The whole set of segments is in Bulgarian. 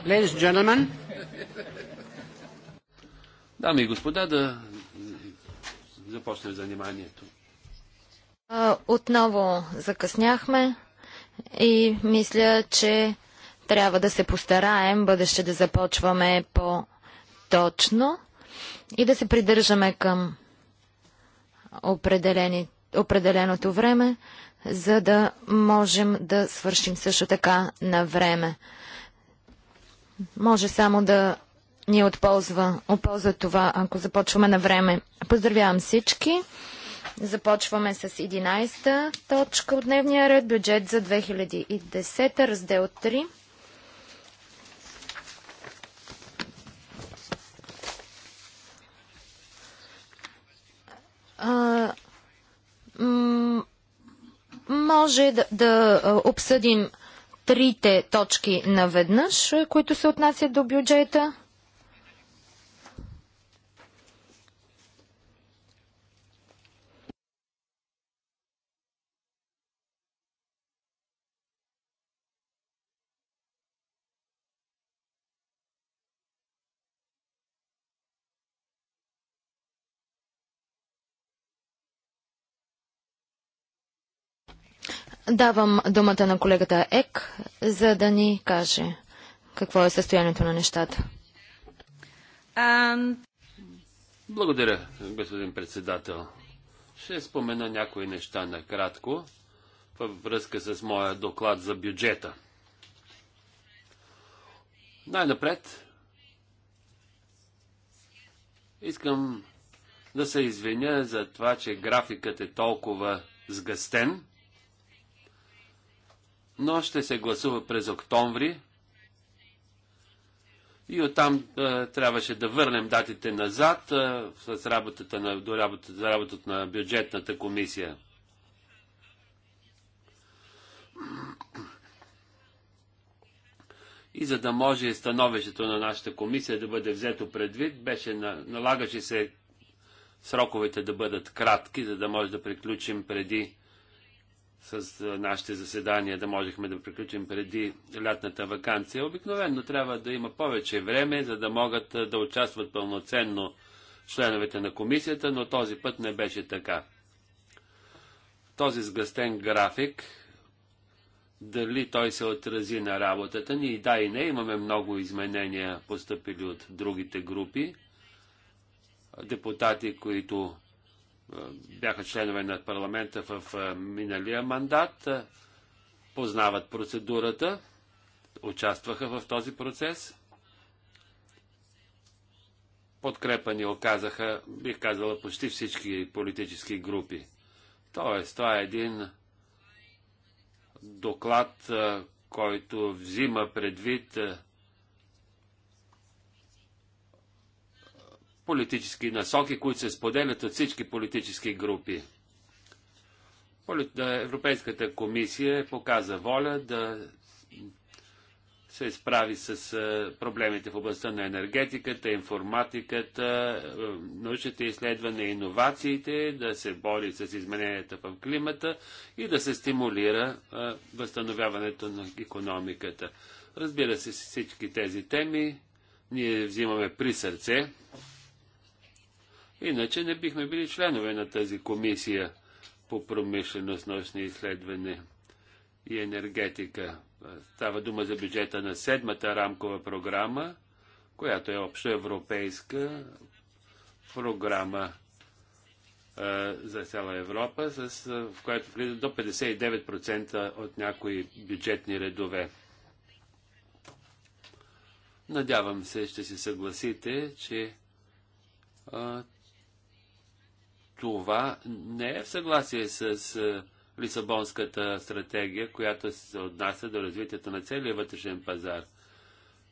Ladies and gentlemen. Дами и господа, да започнем заниманието. Отново закъсняхме и мисля, че трябва да се постараем бъдеще да започваме по-точно и да се придържаме към определеното време, за да можем да свършим също така на време може само да ни отползва, оползва това, ако започваме на време. Поздравявам всички. Започваме с 11-та точка от дневния ред. Бюджет за 2010, раздел 3. може да, да обсъдим трите точки наведнъж, които се отнасят до бюджета. Давам думата на колегата Ек, за да ни каже какво е състоянието на нещата. Благодаря, господин председател. Ще спомена някои неща накратко във връзка с моя доклад за бюджета. Най-напред искам да се извиня за това, че графикът е толкова сгъстен но ще се гласува през октомври и оттам а, е, трябваше да върнем датите назад а, е, с работата на, до работата, за работата на бюджетната комисия. И за да може становището на нашата комисия да бъде взето предвид, беше на, налагаше се сроковете да бъдат кратки, за да може да приключим преди с нашите заседания да можехме да приключим преди лятната вакансия. Обикновено трябва да има повече време, за да могат да участват пълноценно членовете на комисията, но този път не беше така. Този сгъстен график, дали той се отрази на работата ни, и да и не, имаме много изменения, поступили от другите групи, депутати, които е, бяха членове на парламента в е, миналия мандат, е, познават процедурата, участваха в този процес. Подкрепа ни оказаха, бих казала, почти всички политически групи. Тоест, това е един доклад, който взима предвид политически насоки, които се споделят от всички политически групи. Европейската комисия показа воля да се справи с проблемите в областта на енергетиката, информатиката, научните изследвания, иновациите, да се бори с измененията в климата и да се стимулира възстановяването на економиката. Разбира се, всички тези теми ние взимаме при сърце. Иначе не бихме били членове на тази комисия по промишленост, научни изследвания и енергетика. Става дума за бюджета на седмата рамкова програма, която е общоевропейска програма за цяла Европа, с, в която влиза до 59% от някои бюджетни редове. Надявам се, ще се съгласите, че а, това не е в съгласие с е, Лисабонската стратегия, която се отнася до развитието на целия вътрешен пазар.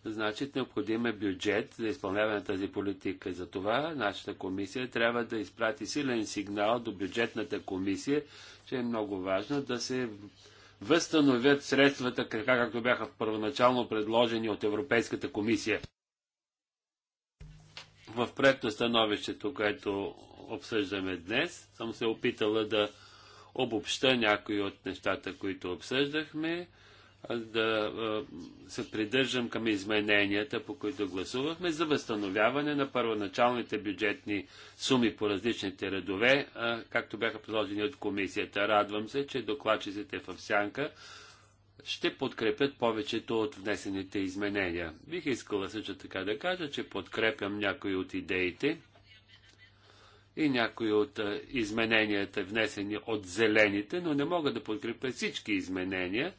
Значи, необходим е бюджет за изпълняване на тази политика. За това нашата комисия трябва да изпрати силен сигнал до бюджетната комисия, че е много важно да се възстановят средствата, така както бяха първоначално предложени от Европейската комисия. В проекто становището, което обсъждаме днес. Съм се опитала да обобща някои от нещата, които обсъждахме, да се придържам към измененията, по които гласувахме, за възстановяване на първоначалните бюджетни суми по различните редове, както бяха предложени от комисията. Радвам се, че докладчиците в сянка ще подкрепят повечето от внесените изменения. Бих искала също така да кажа, че подкрепям някои от идеите, и някои от измененията, внесени от зелените, но не мога да подкрепя всички изменения,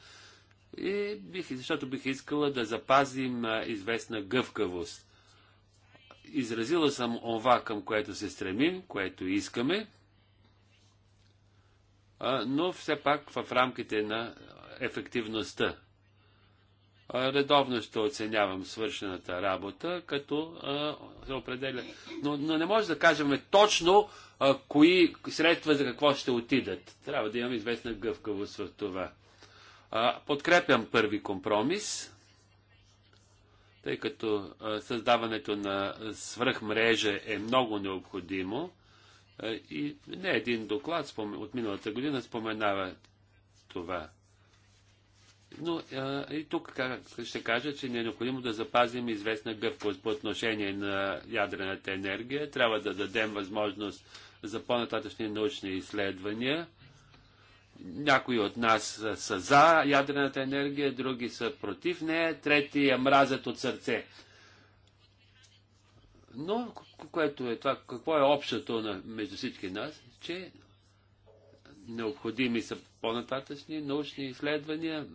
и бих, защото бих искала да запазим известна гъвкавост. Изразила съм ова, към което се стремим, което искаме, но все пак в рамките на ефективността Редовно ще оценявам свършената работа, като се определя. Но, но не може да кажем точно а, кои средства за какво ще отидат. Трябва да имам известна гъвкавост в това. А, подкрепям първи компромис, тъй като а, създаването на свръхмрежа е много необходимо. А, и не един доклад спом... от миналата година споменава това. Но а, и тук ще кажа, че не е необходимо да запазим известна гъвкост по отношение на ядрената енергия. Трябва да дадем възможност за по-нататъчни научни изследвания. Някои от нас са, са за ядрената енергия, други са против нея, трети я е мразят от сърце. Но, което е това, какво е общото на, между всички нас, че необходими са по-нататъчни научни изследвания.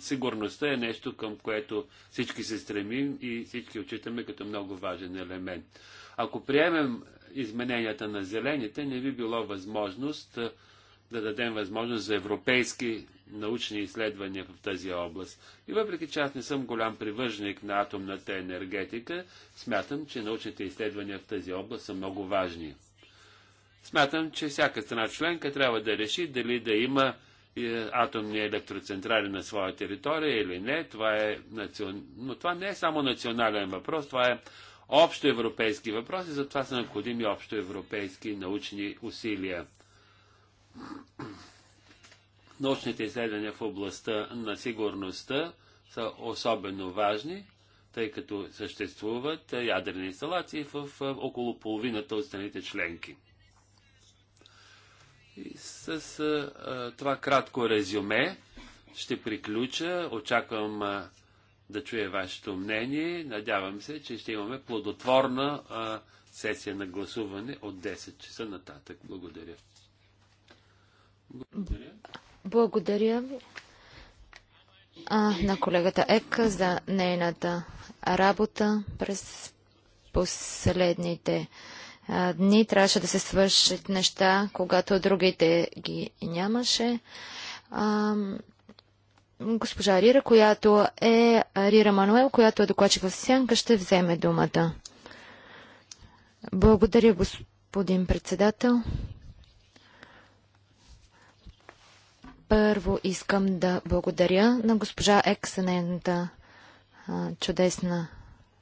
Сигурността е нещо, към което всички се стремим и всички отчитаме като много важен елемент. Ако приемем измененията на зелените, не би било възможност да дадем възможност за европейски научни изследвания в тази област. И въпреки, че аз не съм голям привържник на атомната енергетика, смятам, че научните изследвания в тази област са много важни. Смятам, че всяка страна членка трябва да реши дали да има е, атомни електроцентрали на своя територия или не. Това е национ... Но това не е само национален въпрос, това е общо европейски въпрос и затова са необходими общо европейски научни усилия. Научните изследвания в областта на сигурността са особено важни, тъй като съществуват ядрени инсталации в около половината от страните членки. И с а, това кратко резюме ще приключа. Очаквам а, да чуя вашето мнение. Надявам се, че ще имаме плодотворна а, сесия на гласуване от 10 часа нататък. Благодаря. Благодаря. Благодаря а, на колегата Ек за нейната работа през последните дни трябваше да се свършат неща, когато другите ги нямаше. А, госпожа Рира, която е Рира Мануел, която е докладчик в Сянка, ще вземе думата. Благодаря, господин председател. Първо искам да благодаря на госпожа Ек чудесна,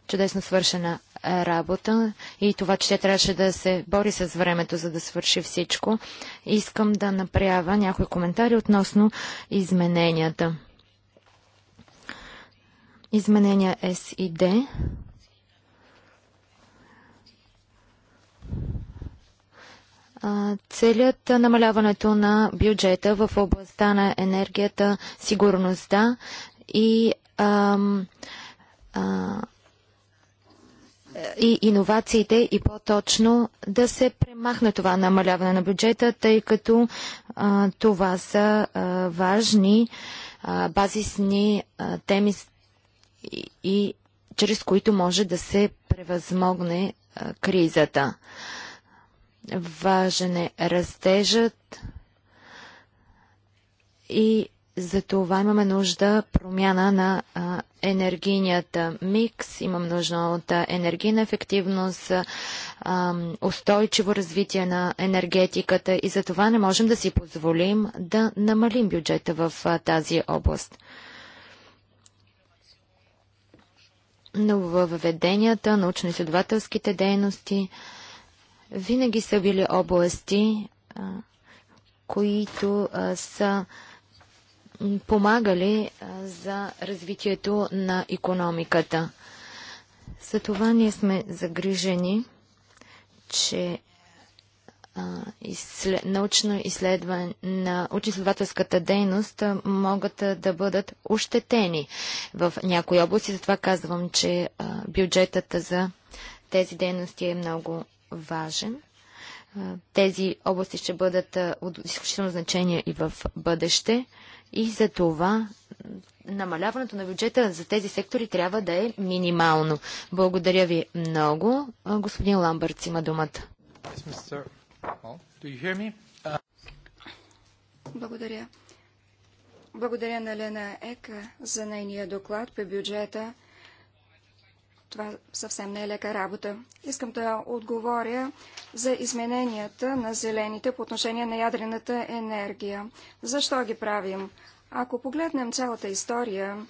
чудесно свършена работа и това, че тя трябваше да се бори с времето, за да свърши всичко. Искам да направя някои коментари относно измененията. Изменения S и D. Целият намаляването на бюджета в областта на енергията, сигурността и ам, а, и иновациите и по-точно да се премахне това намаляване на бюджета, тъй като а, това са а, важни а, базисни а, теми и, и чрез които може да се превъзмогне а, кризата. Важен е растежът и затова имаме нужда промяна на а, енергийният микс, имам нужда от енергийна ефективност, а, устойчиво развитие на енергетиката и за това не можем да си позволим да намалим бюджета в а, тази област. Но въведенията, научно-изследователските дейности винаги са били области, които са помагали за развитието на економиката. За това ние сме загрижени, че научно изследване на изследователската дейност могат да бъдат ощетени в някои области. Затова казвам, че бюджетът за тези дейности е много важен. Тези области ще бъдат от изключително значение и в бъдеще. И за това намаляването на бюджета за тези сектори трябва да е минимално. Благодаря ви много. Господин Ламбърц има думата. Uh, Благодаря. Благодаря на Лена Ека за нейния доклад по бюджета. Това съвсем не е лека работа. Искам да отговоря за измененията на зелените по отношение на ядрената енергия. Защо ги правим? Ако погледнем цялата история,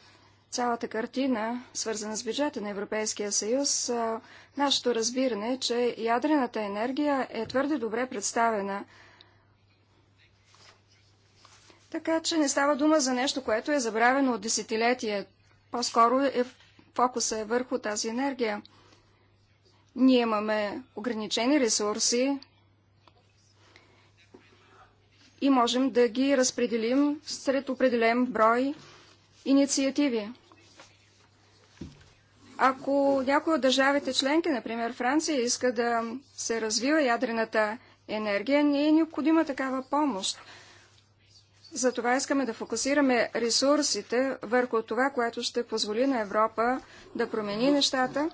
цялата картина, свързана с бюджета на Европейския съюз, нашето разбиране е, че ядрената енергия е твърде добре представена. Така че не става дума за нещо, което е забравено от десетилетие. По-скоро е фокуса е върху тази енергия. Ние имаме ограничени ресурси и можем да ги разпределим сред определен брой инициативи. Ако някои от държавите членки, например Франция, иска да се развива ядрената енергия, не е необходима такава помощ. Затова искаме да фокусираме ресурсите върху това, което ще позволи на Европа да промени нещата.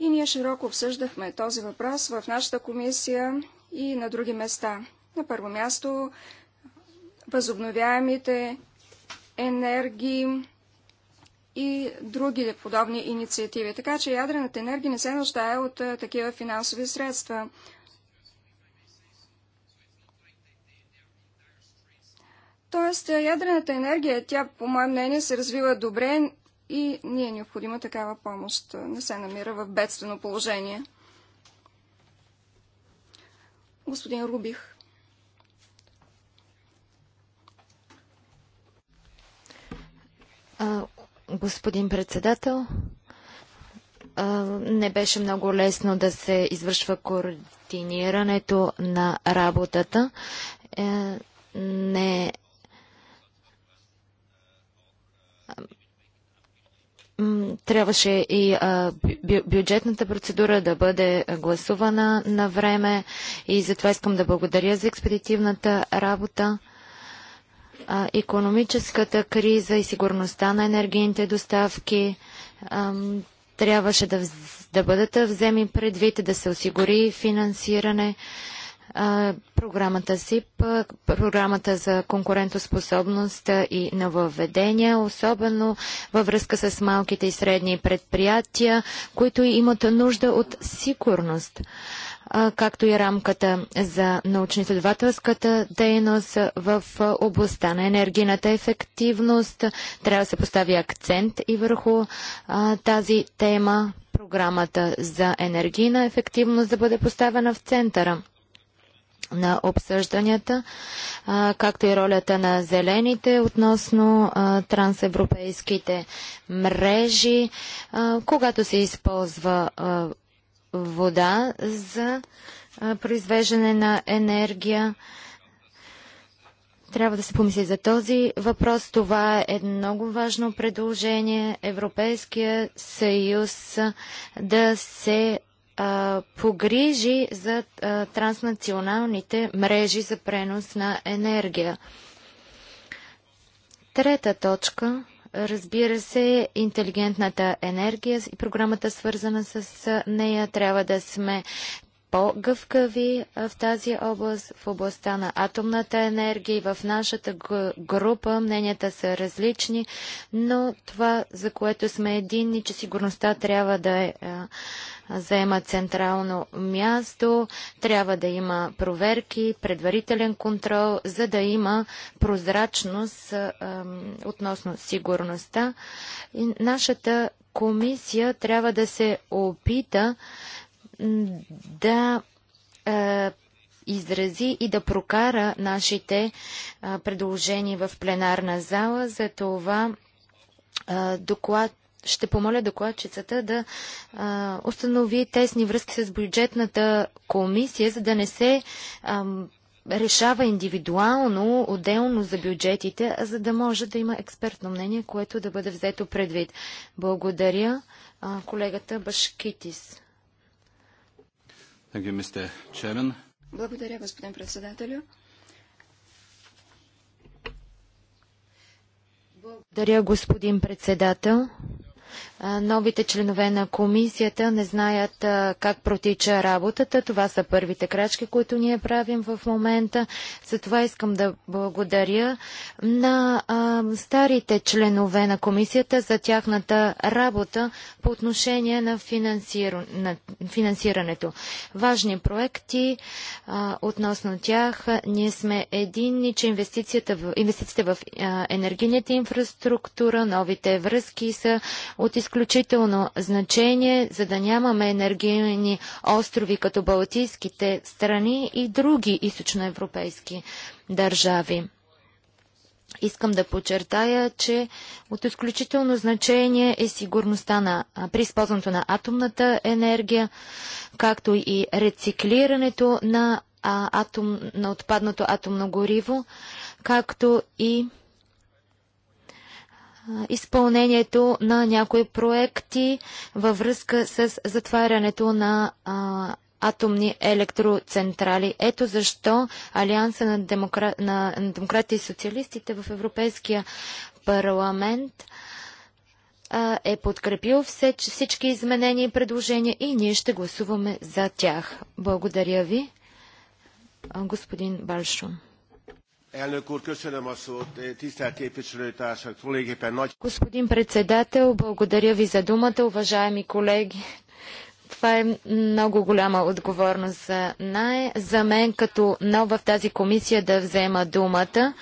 И ние широко обсъждахме този въпрос в нашата комисия и на други места. На първо място възобновяемите енергии и други подобни инициативи. Така че ядрената енергия не се нуждае от такива финансови средства. Тоест, е, ядрената енергия, тя, по мое мнение, се развива добре и ни е необходима такава помощ. Не се намира в бедствено положение. Господин Рубих. А, господин председател, не беше много лесно да се извършва координирането на работата. Е, не трябваше и а, бю бюджетната процедура да бъде гласувана на време и затова искам да благодаря за експедитивната работа. А, економическата криза и сигурността на енергийните доставки а, трябваше да, да бъдат вземи предвид, да се осигури финансиране. А, програмата СИП, програмата за конкурентоспособност и нововведения, особено във връзка с малките и средни предприятия, които имат нужда от сигурност, както и рамката за научно-изследователската дейност в областта на енергийната ефективност. Трябва да се постави акцент и върху а, тази тема, програмата за енергийна ефективност да бъде поставена в центъра на обсъжданията, както и ролята на зелените относно трансевропейските мрежи, когато се използва вода за произвеждане на енергия. Трябва да се помисли за този въпрос. Това е много важно предложение Европейския съюз да се а, погрижи за а, транснационалните мрежи за пренос на енергия. Трета точка, разбира се, интелигентната енергия и програмата свързана с нея. Трябва да сме по-гъвкави в тази област, в областта на атомната енергия и в нашата група мненията са различни, но това, за което сме единни, че сигурността трябва да е заема централно място, трябва да има проверки, предварителен контрол, за да има прозрачност относно сигурността. И нашата комисия трябва да се опита да изрази и да прокара нашите предложения в пленарна зала. За това доклад ще помоля докладчицата да а, установи тесни връзки с бюджетната комисия, за да не се а, решава индивидуално, отделно за бюджетите, а за да може да има експертно мнение, което да бъде взето предвид. Благодаря а, колегата Башкитис. You, Благодаря, господин председателю. Благодаря, господин председател. Новите членове на комисията не знаят как протича работата. Това са първите крачки, които ние правим в момента. Затова искам да благодаря на старите членове на комисията за тяхната работа по отношение на, финансиру... на финансирането. Важни проекти относно тях. Ние сме единни, че инвестицията в... инвестициите в енергийната инфраструктура, новите връзки са от изключително значение, за да нямаме енергийни острови като Балтийските страни и други източноевропейски държави. Искам да подчертая, че от изключително значение е сигурността на, при използването на атомната енергия, както и рециклирането на, а, атом, на отпадното атомно гориво, както и изпълнението на някои проекти във връзка с затварянето на а, атомни електроцентрали. Ето защо Алианса на, демокра... на демократите и социалистите в Европейския парламент а, е подкрепил все, всички изменения и предложения и ние ще гласуваме за тях. Благодаря ви, господин Балшун. Господин председател, благодаря ви за думата, уважаеми колеги. Това е много голяма отговорност за, най- за мен като нов в тази комисия да взема думата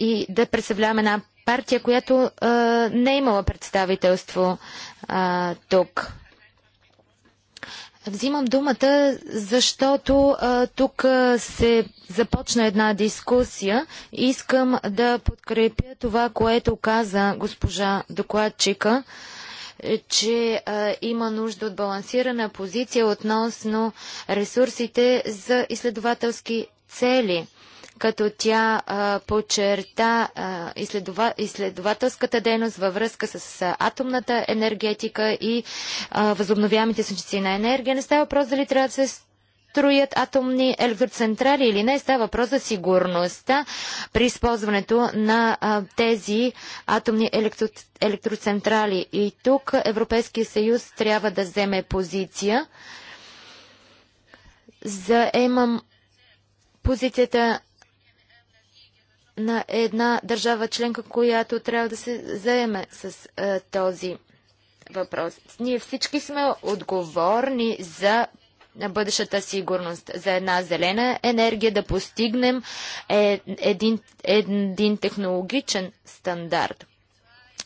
и да представлявам една партия, която не е имала представителство тук. Взимам думата, защото а, тук а, се започна една дискусия. Искам да подкрепя това, което каза госпожа докладчика, е, че а, има нужда от балансирана позиция относно ресурсите за изследователски цели като тя а, а, изследова, изследователската дейност във връзка с а, атомната енергетика и възобновяемите сънчици на енергия. Не става въпрос дали трябва да се строят атомни електроцентрали или не. Става въпрос за сигурността при използването на а, тези атомни електро, електроцентрали. И тук Европейския съюз трябва да вземе позиция. Заемам позицията на една държава членка, която трябва да се заеме с а, е, този въпрос. Ние всички сме отговорни за бъдещата сигурност, за една зелена енергия, да постигнем е, един, един технологичен стандарт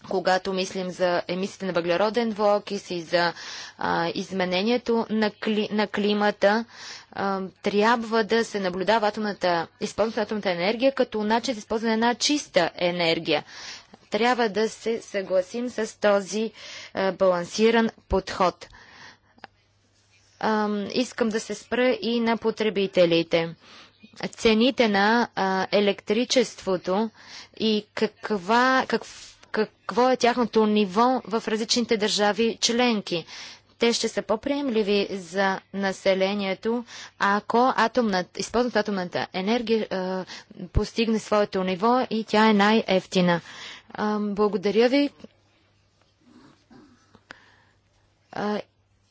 когато мислим за емисиите на въглероден двуокис и за а, изменението на, кли, на климата, а, трябва да се наблюдава атомната, използването на атомната енергия като начин за използване на чиста енергия. Трябва да се съгласим с този а, балансиран подход. А, искам да се спра и на потребителите цените на а, електричеството и каква, какво какво е тяхното ниво в различните държави членки. Те ще са по-приемливи за населението, ако атомната, атомната енергия е, постигне своето ниво и тя е най-ефтина. Е, благодаря ви. Е,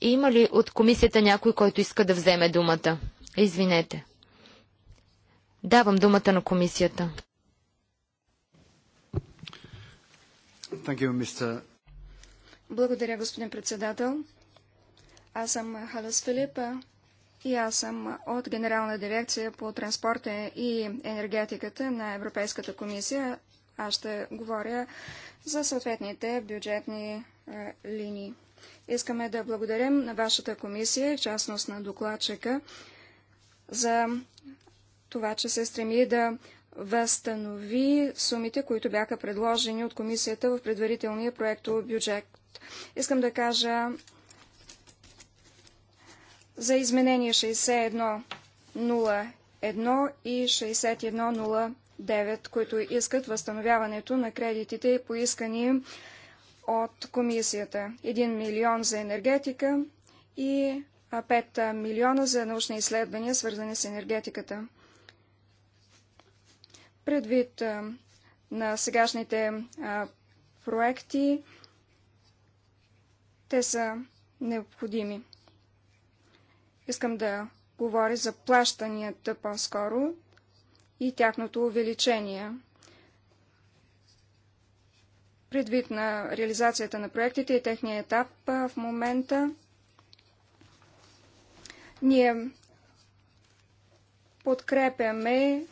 има ли от комисията някой, който иска да вземе думата? Извинете. Давам думата на комисията. You, Благодаря, господин председател. Аз съм Халес Филипа и аз съм от Генерална дирекция по транспорта и енергетиката на Европейската комисия. Аз ще говоря за съответните бюджетни е, линии. Искаме да благодарим на вашата комисия, в частност на докладчика, за това, че се стреми да възстанови сумите, които бяха предложени от комисията в предварителния проекто бюджет. Искам да кажа за изменение 6101 и 6109, които искат възстановяването на кредитите, поискани от комисията. 1 милион за енергетика и 5 милиона за научни изследвания, свързани с енергетиката. Предвид на сегашните проекти, те са необходими. Искам да говоря за плащанията по-скоро и тяхното увеличение. Предвид на реализацията на проектите и техния етап в момента, ние подкрепяме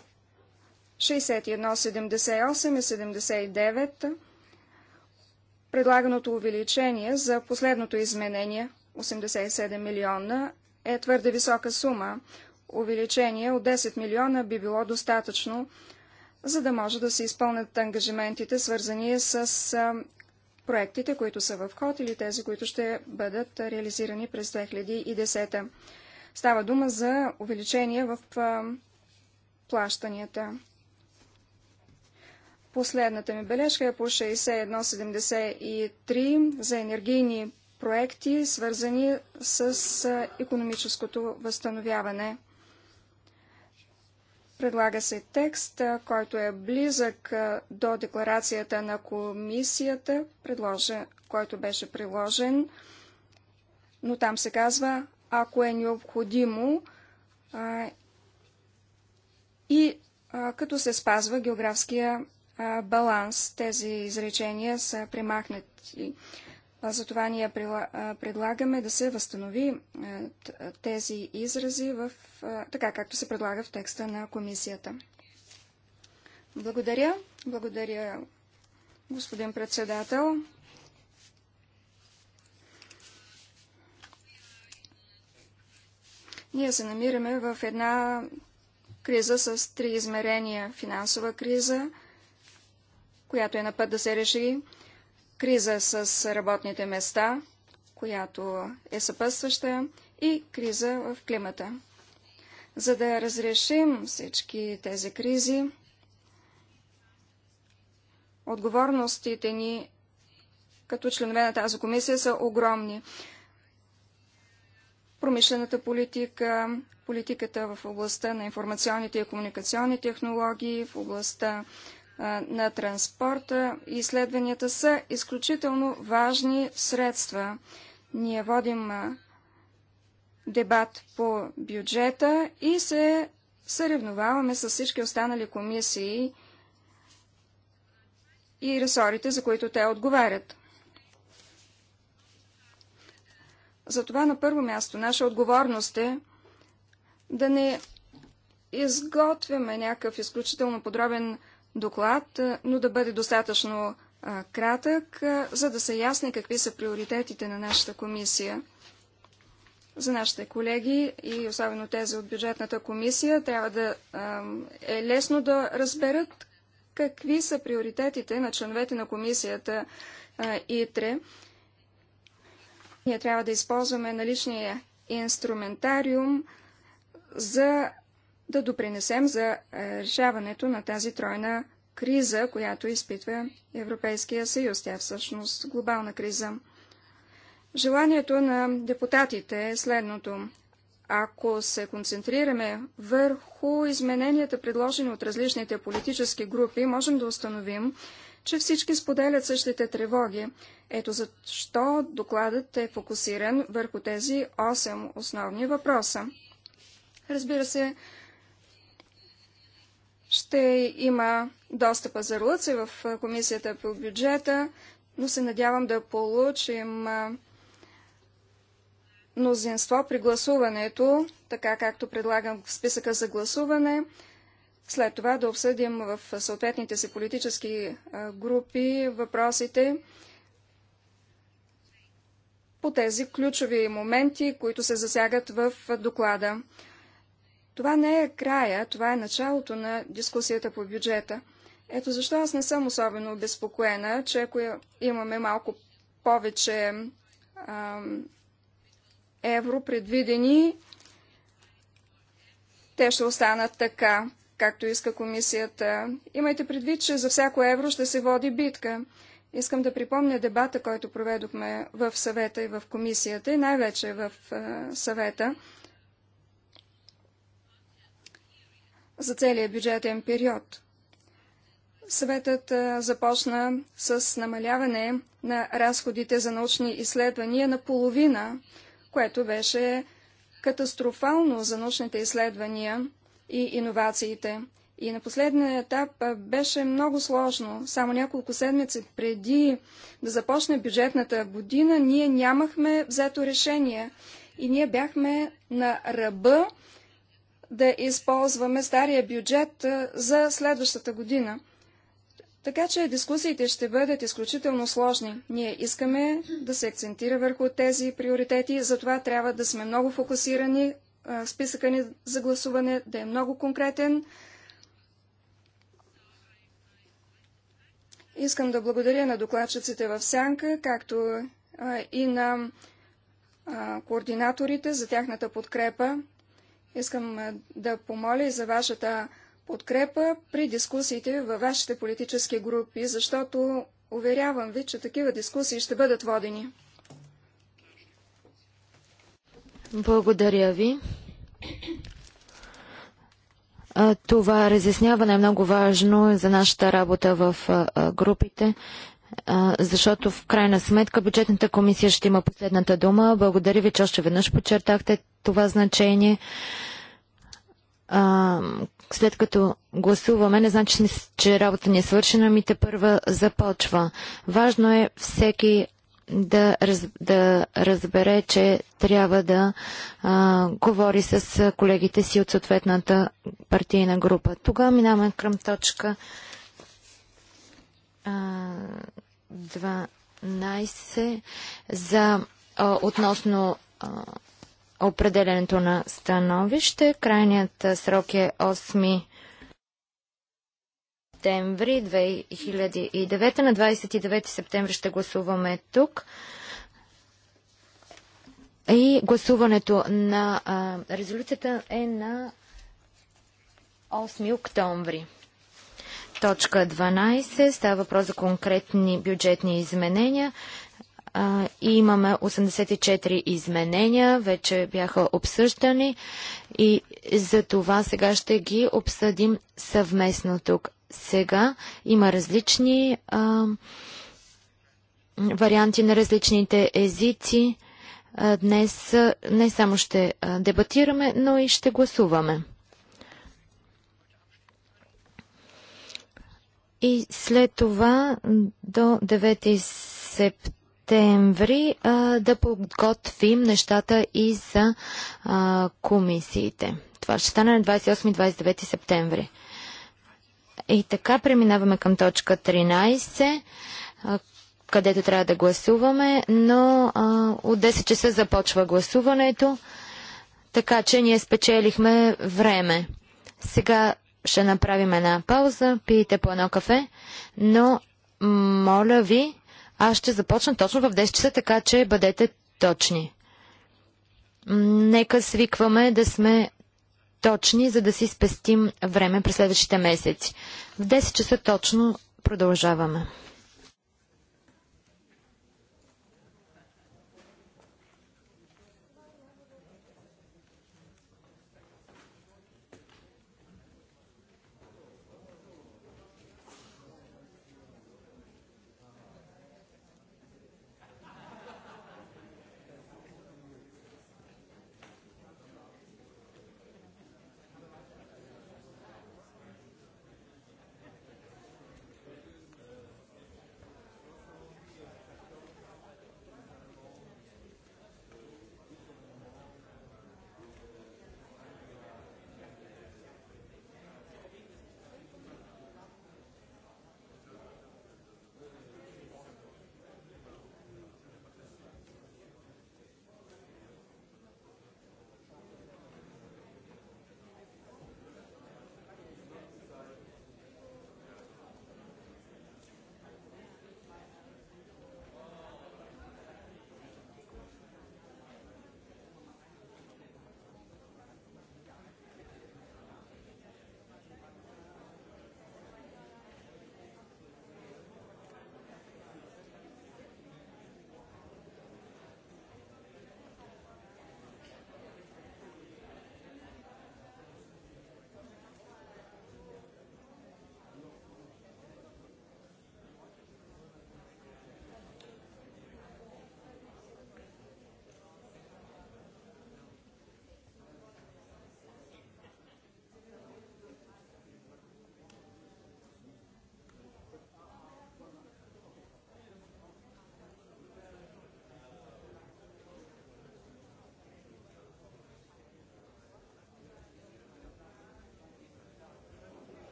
61, 78 и 79 предлаганото увеличение за последното изменение 87 милиона е твърде висока сума. Увеличение от 10 милиона би било достатъчно, за да може да се изпълнят ангажиментите, свързани с проектите, които са в ход или тези, които ще бъдат реализирани през 2010. Става дума за увеличение в плащанията. Последната ми бележка е по 6173 за енергийни проекти, свързани с економическото възстановяване. Предлага се текст, който е близък до декларацията на комисията, който беше приложен, но там се казва, ако е необходимо и като се спазва географския баланс. Тези изречения са примахнати. Затова ние предлагаме да се възстанови тези изрази в, така, както се предлага в текста на комисията. Благодаря. Благодаря, господин председател. Ние се намираме в една криза с три измерения. Финансова криза – която е на път да се реши, криза с работните места, която е съпътстваща, и криза в климата. За да разрешим всички тези кризи, отговорностите ни като членове на тази комисия са огромни. Промишлената политика, политиката в областта на информационните и комуникационни технологии, в областта на транспорта и изследванията са изключително важни средства. Ние водим дебат по бюджета и се съревноваваме с всички останали комисии и ресорите, за които те отговарят. Затова на първо място наша отговорност е да не изготвяме някакъв изключително подробен доклад, но да бъде достатъчно кратък, за да са ясни какви са приоритетите на нашата комисия. За нашите колеги и особено тези от бюджетната комисия трябва да е лесно да разберат какви са приоритетите на членовете на комисията ИТРЕ. Ние трябва да използваме наличния инструментариум за да допринесем за е, решаването на тази тройна криза, която изпитва Европейския съюз. Тя е всъщност глобална криза. Желанието на депутатите е следното. Ако се концентрираме върху измененията, предложени от различните политически групи, можем да установим, че всички споделят същите тревоги. Ето защо докладът е фокусиран върху тези 8 основни въпроса. Разбира се, ще има доста пазарлъци в комисията по бюджета, но се надявам да получим мнозинство при гласуването, така както предлагам в списъка за гласуване. След това да обсъдим в съответните си политически групи въпросите по тези ключови моменти, които се засягат в доклада. Това не е края, това е началото на дискусията по бюджета. Ето защо аз не съм особено обезпокоена, че ако имаме малко повече ам, евро предвидени, те ще останат така, както иска комисията. Имайте предвид, че за всяко евро ще се води битка. Искам да припомня дебата, който проведохме в съвета и в комисията, и най-вече в а, съвета. за целия бюджетен период. Съветът започна с намаляване на разходите за научни изследвания на половина, което беше катастрофално за научните изследвания и иновациите. И на последния етап беше много сложно. Само няколко седмици преди да започне бюджетната година, ние нямахме взето решение. И ние бяхме на ръба да използваме стария бюджет за следващата година. Така че дискусиите ще бъдат изключително сложни. Ние искаме да се акцентира върху тези приоритети, затова трябва да сме много фокусирани, списъка ни за гласуване да е много конкретен. Искам да благодаря на докладчиците в Сянка, както и на координаторите за тяхната подкрепа. Искам е, да помоля и за вашата подкрепа при дискусиите във вашите политически групи, защото уверявам ви, че такива дискусии ще бъдат водени. Благодаря ви. Това разясняване е много важно за нашата работа в групите защото в крайна сметка бюджетната комисия ще има последната дума. Благодаря ви, че още веднъж подчертахте това значение. След като гласуваме, не значи, че работа ни е свършена, ми те първа започва. Важно е всеки да, раз, да разбере, че трябва да а, говори с колегите си от съответната партийна група. Тогава минаваме към точка 12 за а, относно а, определенето на становище. Крайният срок е 8 септември 2009. На 29 септември ще гласуваме тук. И гласуването на а, резолюцията е на 8 октомври. Точка 12 става въпрос за конкретни бюджетни изменения. и имаме 84 изменения, вече бяха обсъждани и за това сега ще ги обсъдим съвместно тук. Сега има различни а, варианти на различните езици. Днес не само ще дебатираме, но и ще гласуваме. И след това до 9 септември а, да подготвим нещата и за а, комисиите. Това ще стане на 28-29 септември. И така преминаваме към точка 13, а, където трябва да гласуваме, но а, от 10 часа започва гласуването, така че ние спечелихме време. Сега ще направим една пауза, пиете по едно кафе, но моля ви, аз ще започна точно в 10 часа, така че бъдете точни. Нека свикваме да сме точни, за да си спестим време през следващите месеци. В 10 часа точно продължаваме.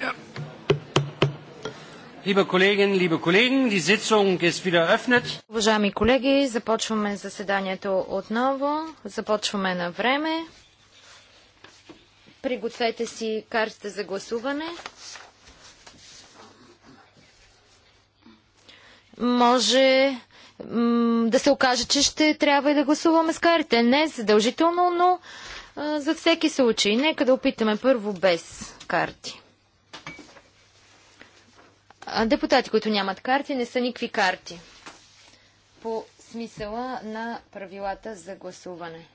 Uh, liebe Kolleginnen, liebe Kollegen, die Sitzung ist wieder eröffnet. Уважаеми колеги, започваме заседанието отново. Започваме на време. Пригответе си картите за гласуване. Може да се окаже, че ще трябва и да гласуваме с картите. Не задължително, но за всеки случай, нека да опитаме първо без карти. Депутати, които нямат карти, не са никакви карти. По смисъла на правилата за гласуване.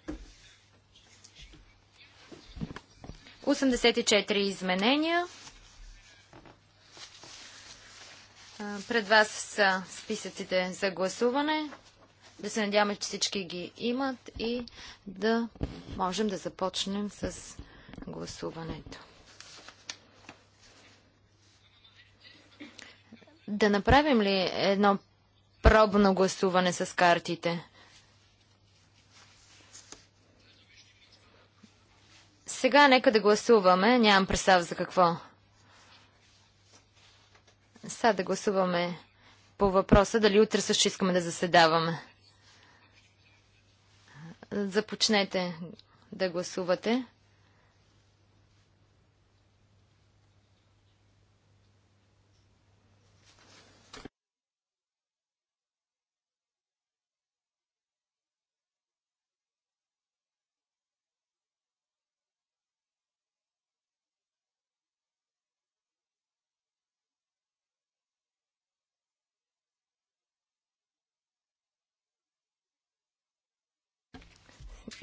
84 изменения. Пред вас са списъците за гласуване да се надяваме, че всички ги имат и да можем да започнем с гласуването. Да направим ли едно пробно гласуване с картите? Сега нека да гласуваме. Нямам представа за какво. Сега да гласуваме по въпроса дали утре също искаме да заседаваме. Започнете да гласувате.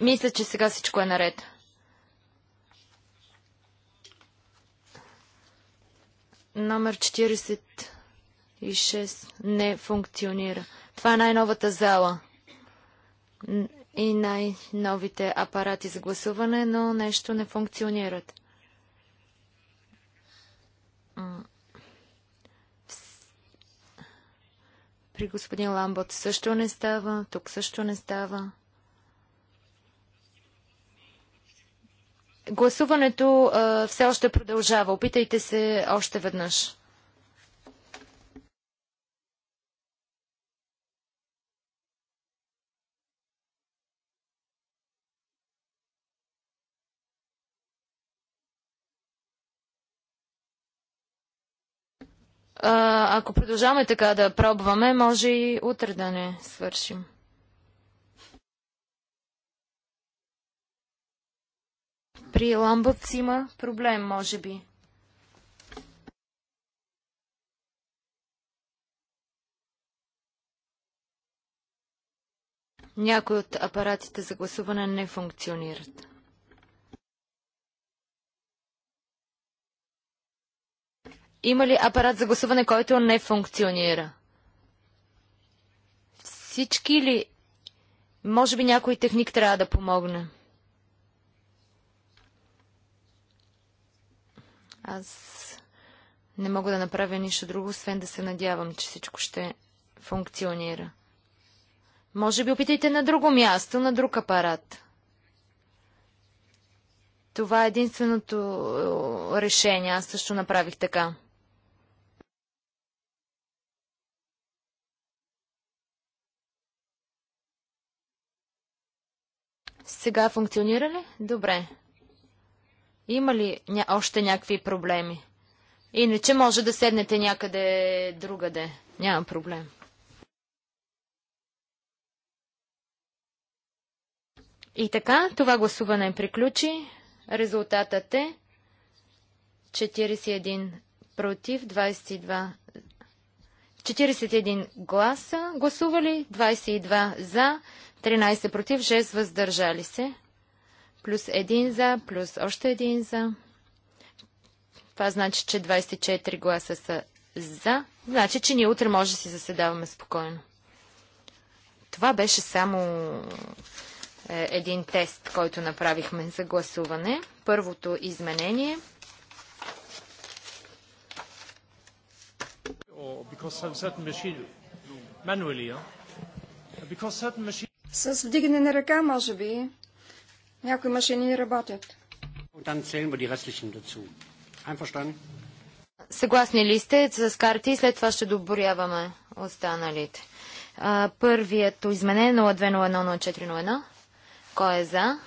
Мисля, че сега всичко е наред. Номер 46 не функционира. Това е най-новата зала и най-новите апарати за гласуване, но нещо не функционират. При господин Ламбот също не става, тук също не става. Гласуването а, все още продължава. Опитайте се още веднъж. А, ако продължаваме така да пробваме, може и утре да не свършим. При Ламбъкс има проблем, може би. Някои от апаратите за гласуване не функционират. Има ли апарат за гласуване, който не функционира? Всички ли? Може би някой техник трябва да помогне. Аз не мога да направя нищо друго, освен да се надявам, че всичко ще функционира. Може би опитайте на друго място, на друг апарат. Това е единственото е, решение. Аз също направих така. Сега функционира ли? Добре. Има ли ня... още някакви проблеми? Иначе може да седнете някъде другаде. Няма проблем. И така, това гласуване приключи. Резултатът е 41 против, 22 41 гласа гласували, 22 за, 13 против, 6 въздържали се плюс един за, плюс още един за. Това значи, че 24 гласа са за. Значи, че ние утре може да си заседаваме спокойно. Това беше само е, един тест, който направихме за гласуване. Първото изменение. Oh, С вдигане на ръка, може би, някои машини не работят. Съгласни ли сте с карти и след това ще доборяваме останалите. Първието изменение 02010401. Е Кой е за?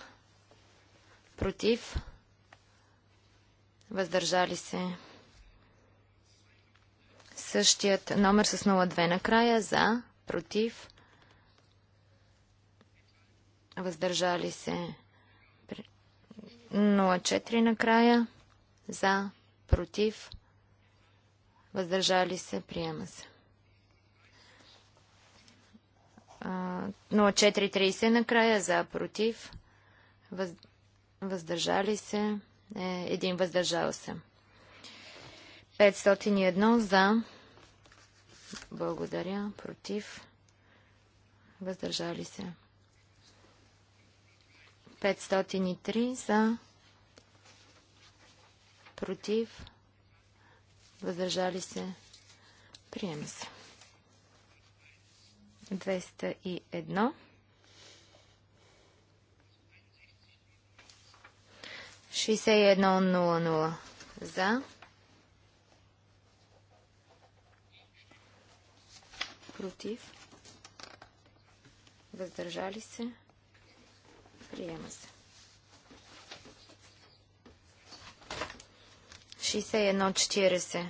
Против? Въздържали се? Същият номер с 02 накрая. За? Против? Въздържали се? 04 накрая. За, против, въздържали се, приема се. 04.30 накрая, за, против, въздържали се, е, един въздържал се. 501 за, благодаря, против, въздържали се. 503 за, против, въздържали се, приема се. 201. 6100 за. Против. Въздържали се. Приема се. 61.40 40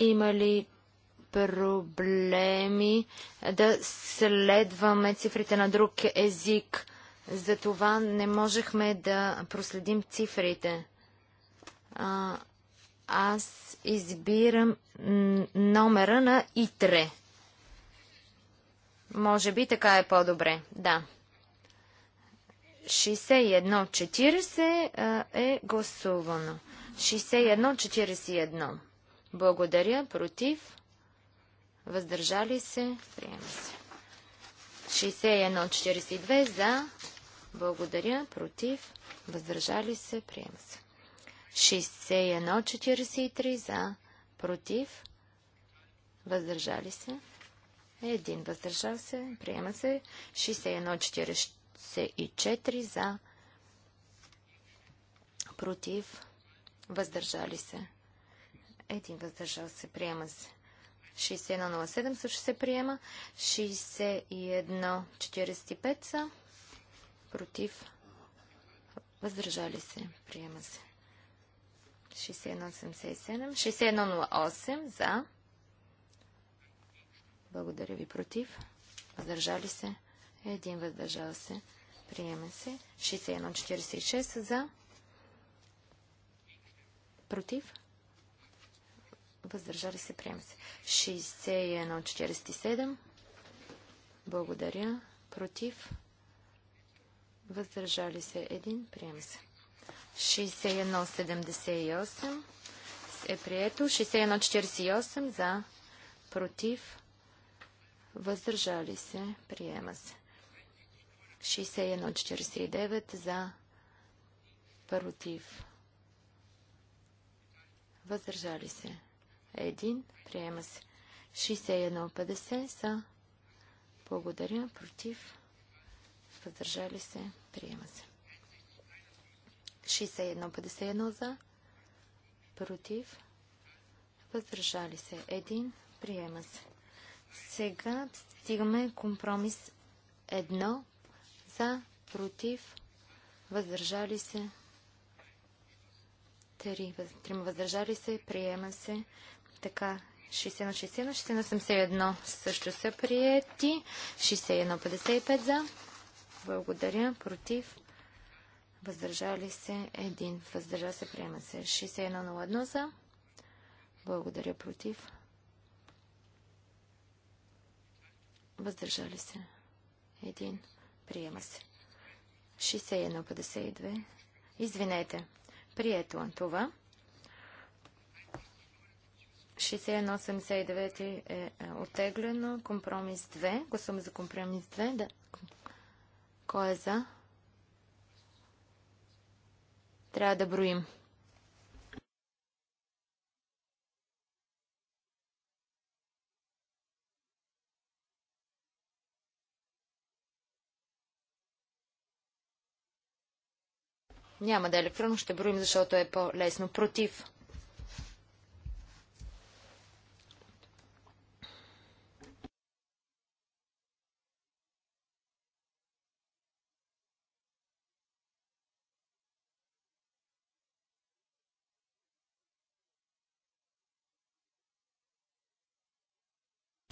Има ли проблеми да следваме цифрите на друг език? Затова не можехме да проследим цифрите. А, аз избирам номера на ИТРЕ. Може би така е по-добре. Да. 61.40 е гласувано. 61.41. Благодаря. Против. Въздържали се. Приема се. 61.42 за. Благодаря. Против. Въздържали се. Приема се. 61-43 за, против, въздържали се. Един въздържал се, приема се. 61-44 за, против, въздържали се. Един въздържал се, приема се. 6107 също се приема. 6145 са против. Въздържали се. Приема се. 6187. 6108 за. Благодаря ви против. Въздържали се. Един въздържал се. Приема се. 6146 за. Против. Въздържали се. Приема се. 6147. Благодаря. Против. Въздържали се. Един. Приема се. 6178 е прието. 6148 за, против, въздържали се, приема се. 6149 за, против, въздържали се. 1, приема се. 6150 са, благодаря, против, въздържали се, приема се. 61-51 за, против, въздържали се 1, приема се. Сега стигаме компромис 1 за, против, въздържали се 3, въздържали се, приема се. Така, 61-61, 61 71 също са приети. 61-55 за. Благодаря. Против въздържали се 1, въздържа се, приема се 6101 за, благодаря против, въздържали се 1, приема се 6152, извинете, прието е това. 6189 е, е отеглено. Компромис 2. Гласуваме за компромис 2. Да. Кой е за? Трябва да броим. Няма да е електронно, ще броим, защото е по-лесно. Против.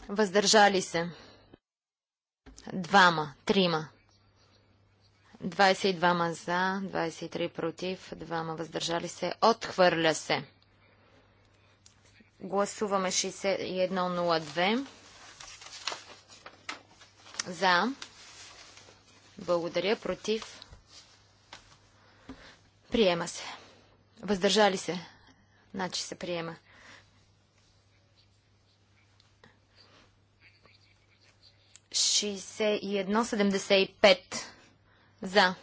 Въздържали се. Двама, трима. 22 за, 23 против, 2 въздържали се. Отхвърля се. Гласуваме 6102. За. Благодаря. Против. Приема се. Въздържали се. Значи се приема. 61-75 за.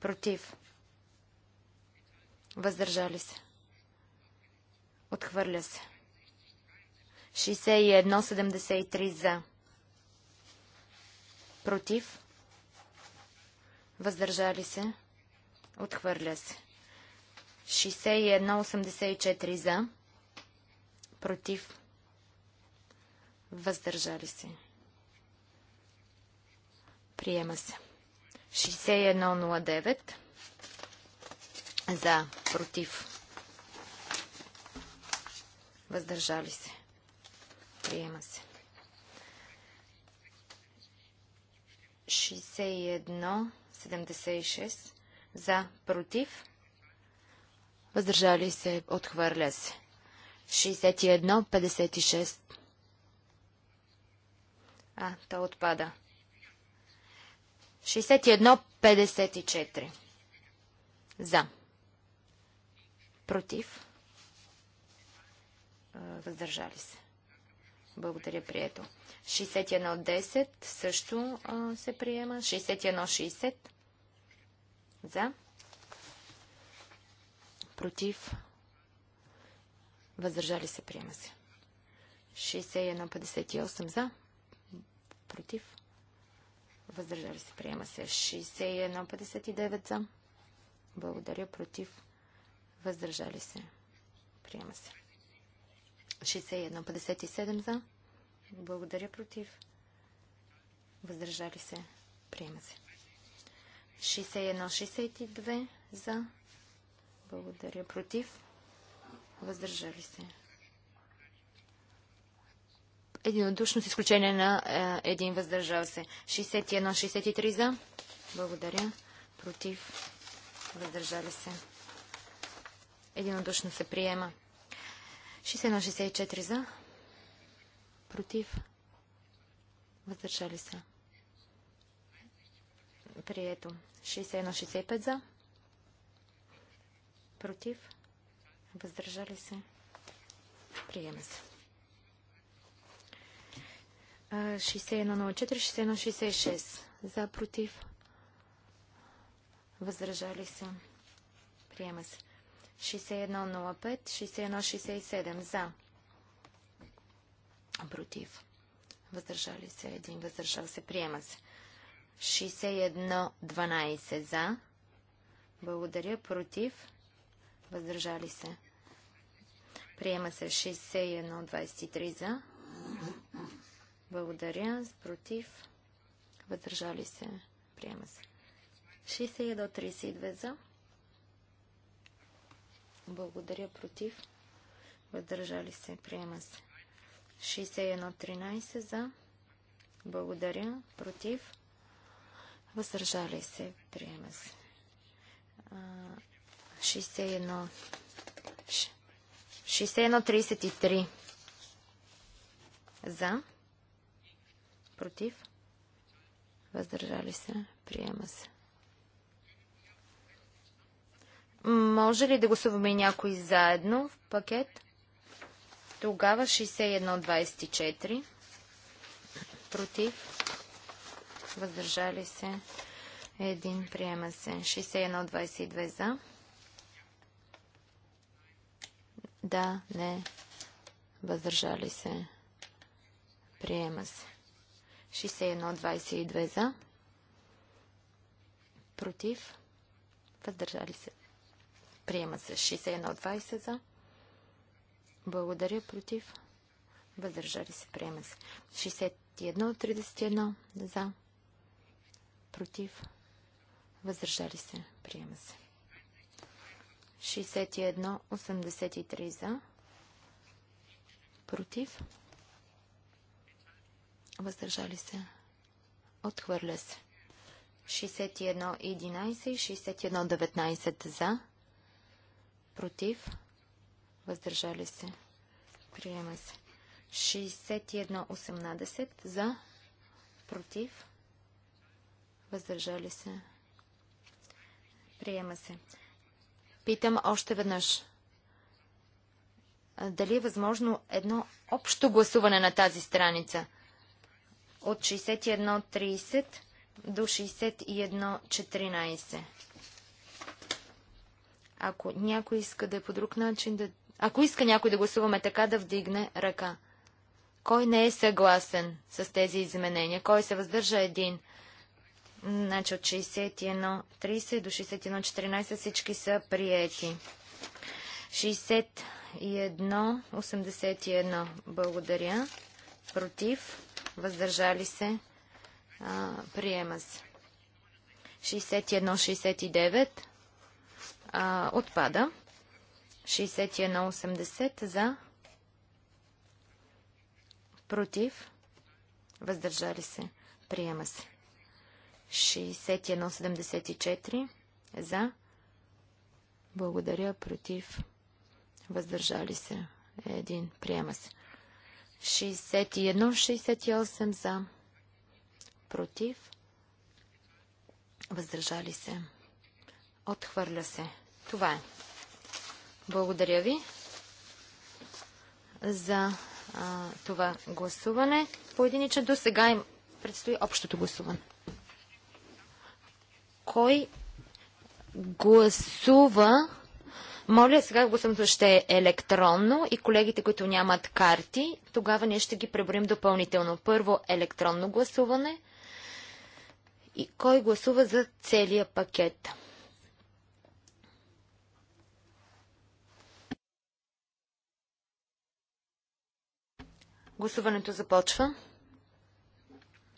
Против. Въздържали се. Отхвърля се. 61-73 за. Против. Въздържали се. Отхвърля се. 61-84 за. Против въздържали се. Приема се. 6109 за, против, въздържали се. Приема се. 61-76 за, против, въздържали се, отхвърля се. 61-56 а, то отпада. 61-54. За. Против. Въздържали се. Благодаря, прието. 61 10 също а, се приема. 61-60. За. Против. Въздържали се, приема се. 61-58 за против, въздържали се, приема се 61,59 за, благодаря, против, въздържали се, приема се 61,57 за, благодаря, против, въздържали се, приема се 61,62 за, благодаря, против, въздържали се единодушно с изключение на е, един въздържал се. 61-63 за. Благодаря. Против. Въздържали се. Единодушно се приема. 61-64 за. Против. Въздържали се. Прието. 61-65 за. Против. Въздържали се. Приема се. 6104, 6166. За, против. Въздържали се. Приема се. 6105, 6167. За. Против. Въздържали се. Един въздържал се. Приема се. 6112. За. Благодаря. Против. Въздържали се. Приема се 6123 за. Благодаря. Против. Въздържали се. Приема се. 61 32 за. Благодаря. Против. Въздържали се. Приема се. 61 13 за. Благодаря. Против. Въздържали се. Приема се. 61 61 33 за против, въздържали се, приема се. Може ли да гласуваме някой заедно в пакет? Тогава 61-24. Против. Въздържали се. Един приема се. 61-22 за. Да, не. Въздържали се. Приема се. 61-22 за. Против. Въздържали се. Приема се 61-20 за. Благодаря. Против. Въздържали се. Приема се. 61-31 за. Против. Въздържали се. Приема се. 61-83 за. Против въздържали се, отхвърля се. 61.11 и 61.19 за, против, въздържали се, приема се. 61.18 за, против, въздържали се, приема се. Питам още веднъж. Дали е възможно едно общо гласуване на тази страница? от 61.30 до 61.14. Ако някой иска да е по друг начин, да... ако иска някой да гласуваме така, да вдигне ръка. Кой не е съгласен с тези изменения? Кой се въздържа един? Значи от 61.30 до 61.14 всички са приети. 61.81. Благодаря. Против въздържали се, а, приема се. 61-69 отпада. 61-80 за, против, въздържали се, приема се. 61-74 за, благодаря, против, въздържали се, един, приема се. 61-75 61-68 за. Против. Въздържали се. Отхвърля се. Това е. Благодаря ви за а, това гласуване. По до сега им предстои общото гласуване. Кой гласува моля, сега гласуването ще е електронно и колегите, които нямат карти, тогава ние ще ги преборим допълнително. Първо електронно гласуване и кой гласува за целия пакет. Гласуването започва.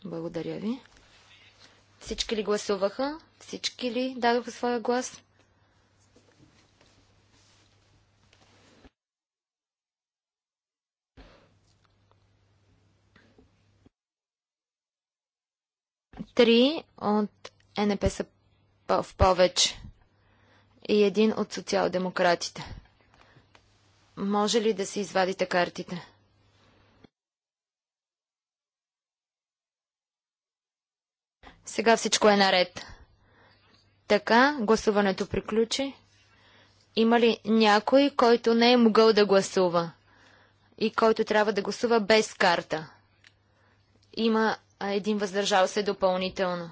Благодаря ви. Всички ли гласуваха? Всички ли дадоха своя глас? Три от НП са в повече и един от социал-демократите. Може ли да си извадите картите? Сега всичко е наред. Така, гласуването приключи. Има ли някой, който не е могъл да гласува и който трябва да гласува без карта? Има а един въздържал се допълнително.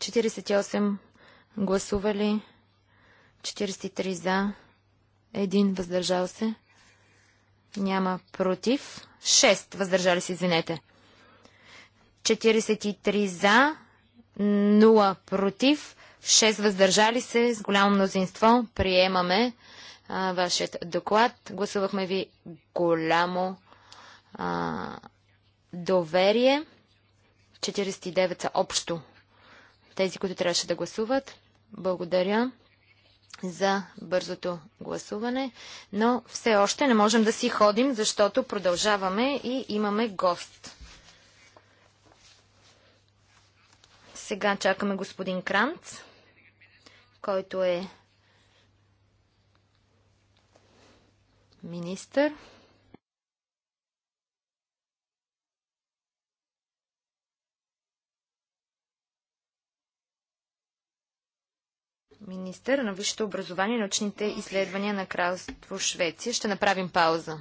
Четиридесет и осем гласували, 43 за, един въздържал се, няма против, 6 въздържали се, извинете. 43 за, 0 против, 6 въздържали се, с голямо мнозинство приемаме вашият доклад. Гласувахме ви голямо а, доверие. 49 са общо тези, които трябваше да гласуват. Благодаря за бързото гласуване, но все още не можем да си ходим, защото продължаваме и имаме гост. Сега чакаме господин Кранц, който е министър. Министър на висшето образование и научните изследвания на Кралство Швеция. Ще направим пауза.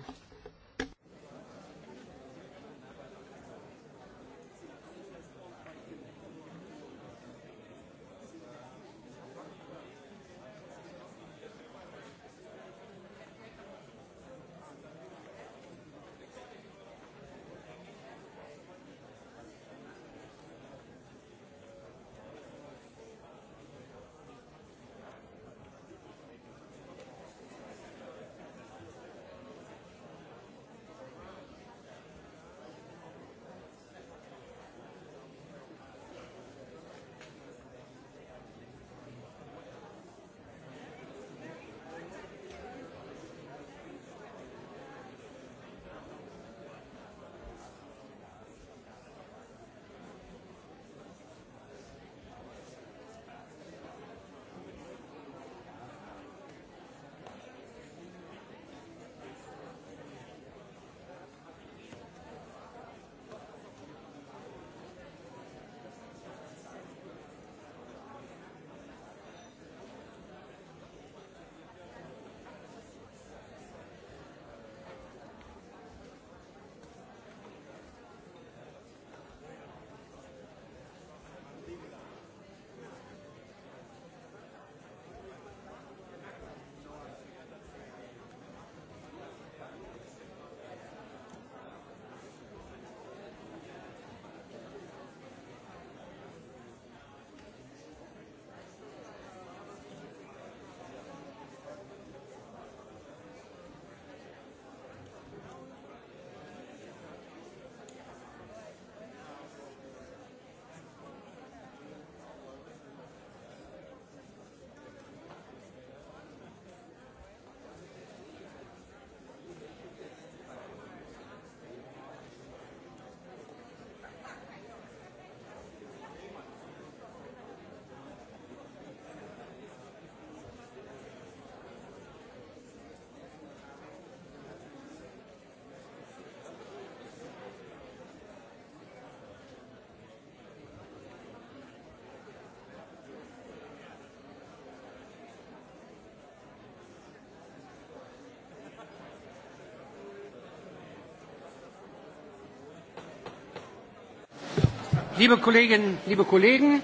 Liebe Kolleginnen, liebe Kollegen,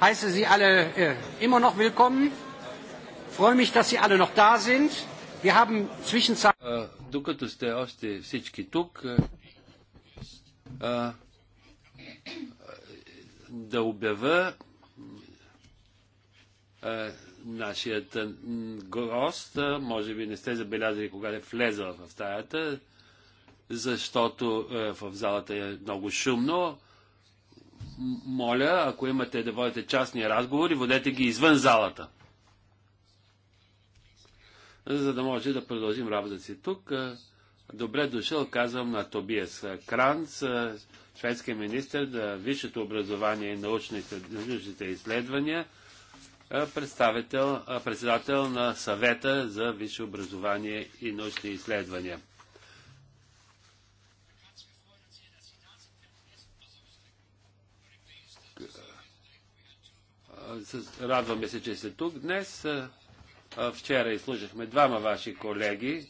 heiße Sie alle äh, immer noch willkommen. Freue mich, dass Sie alle noch da sind. Wir haben zwischenzeitlich. Докато сте още всички тук, а, да обява а, нашият гост, може би не сте забелязали кога е влезъл в стаята, защото е, в залата е много шумно. Моля, ако имате да водите частни разговори, водете ги извън залата. За да може да продължим работата си тук. Е, добре дошъл, казвам на Тобиес Кранц, е, шведския министр за висшето образование и научните, изследвания, председател на съвета за висше образование и научни изследвания. Радваме се, че сте тук днес. Вчера изслушахме двама ваши колеги,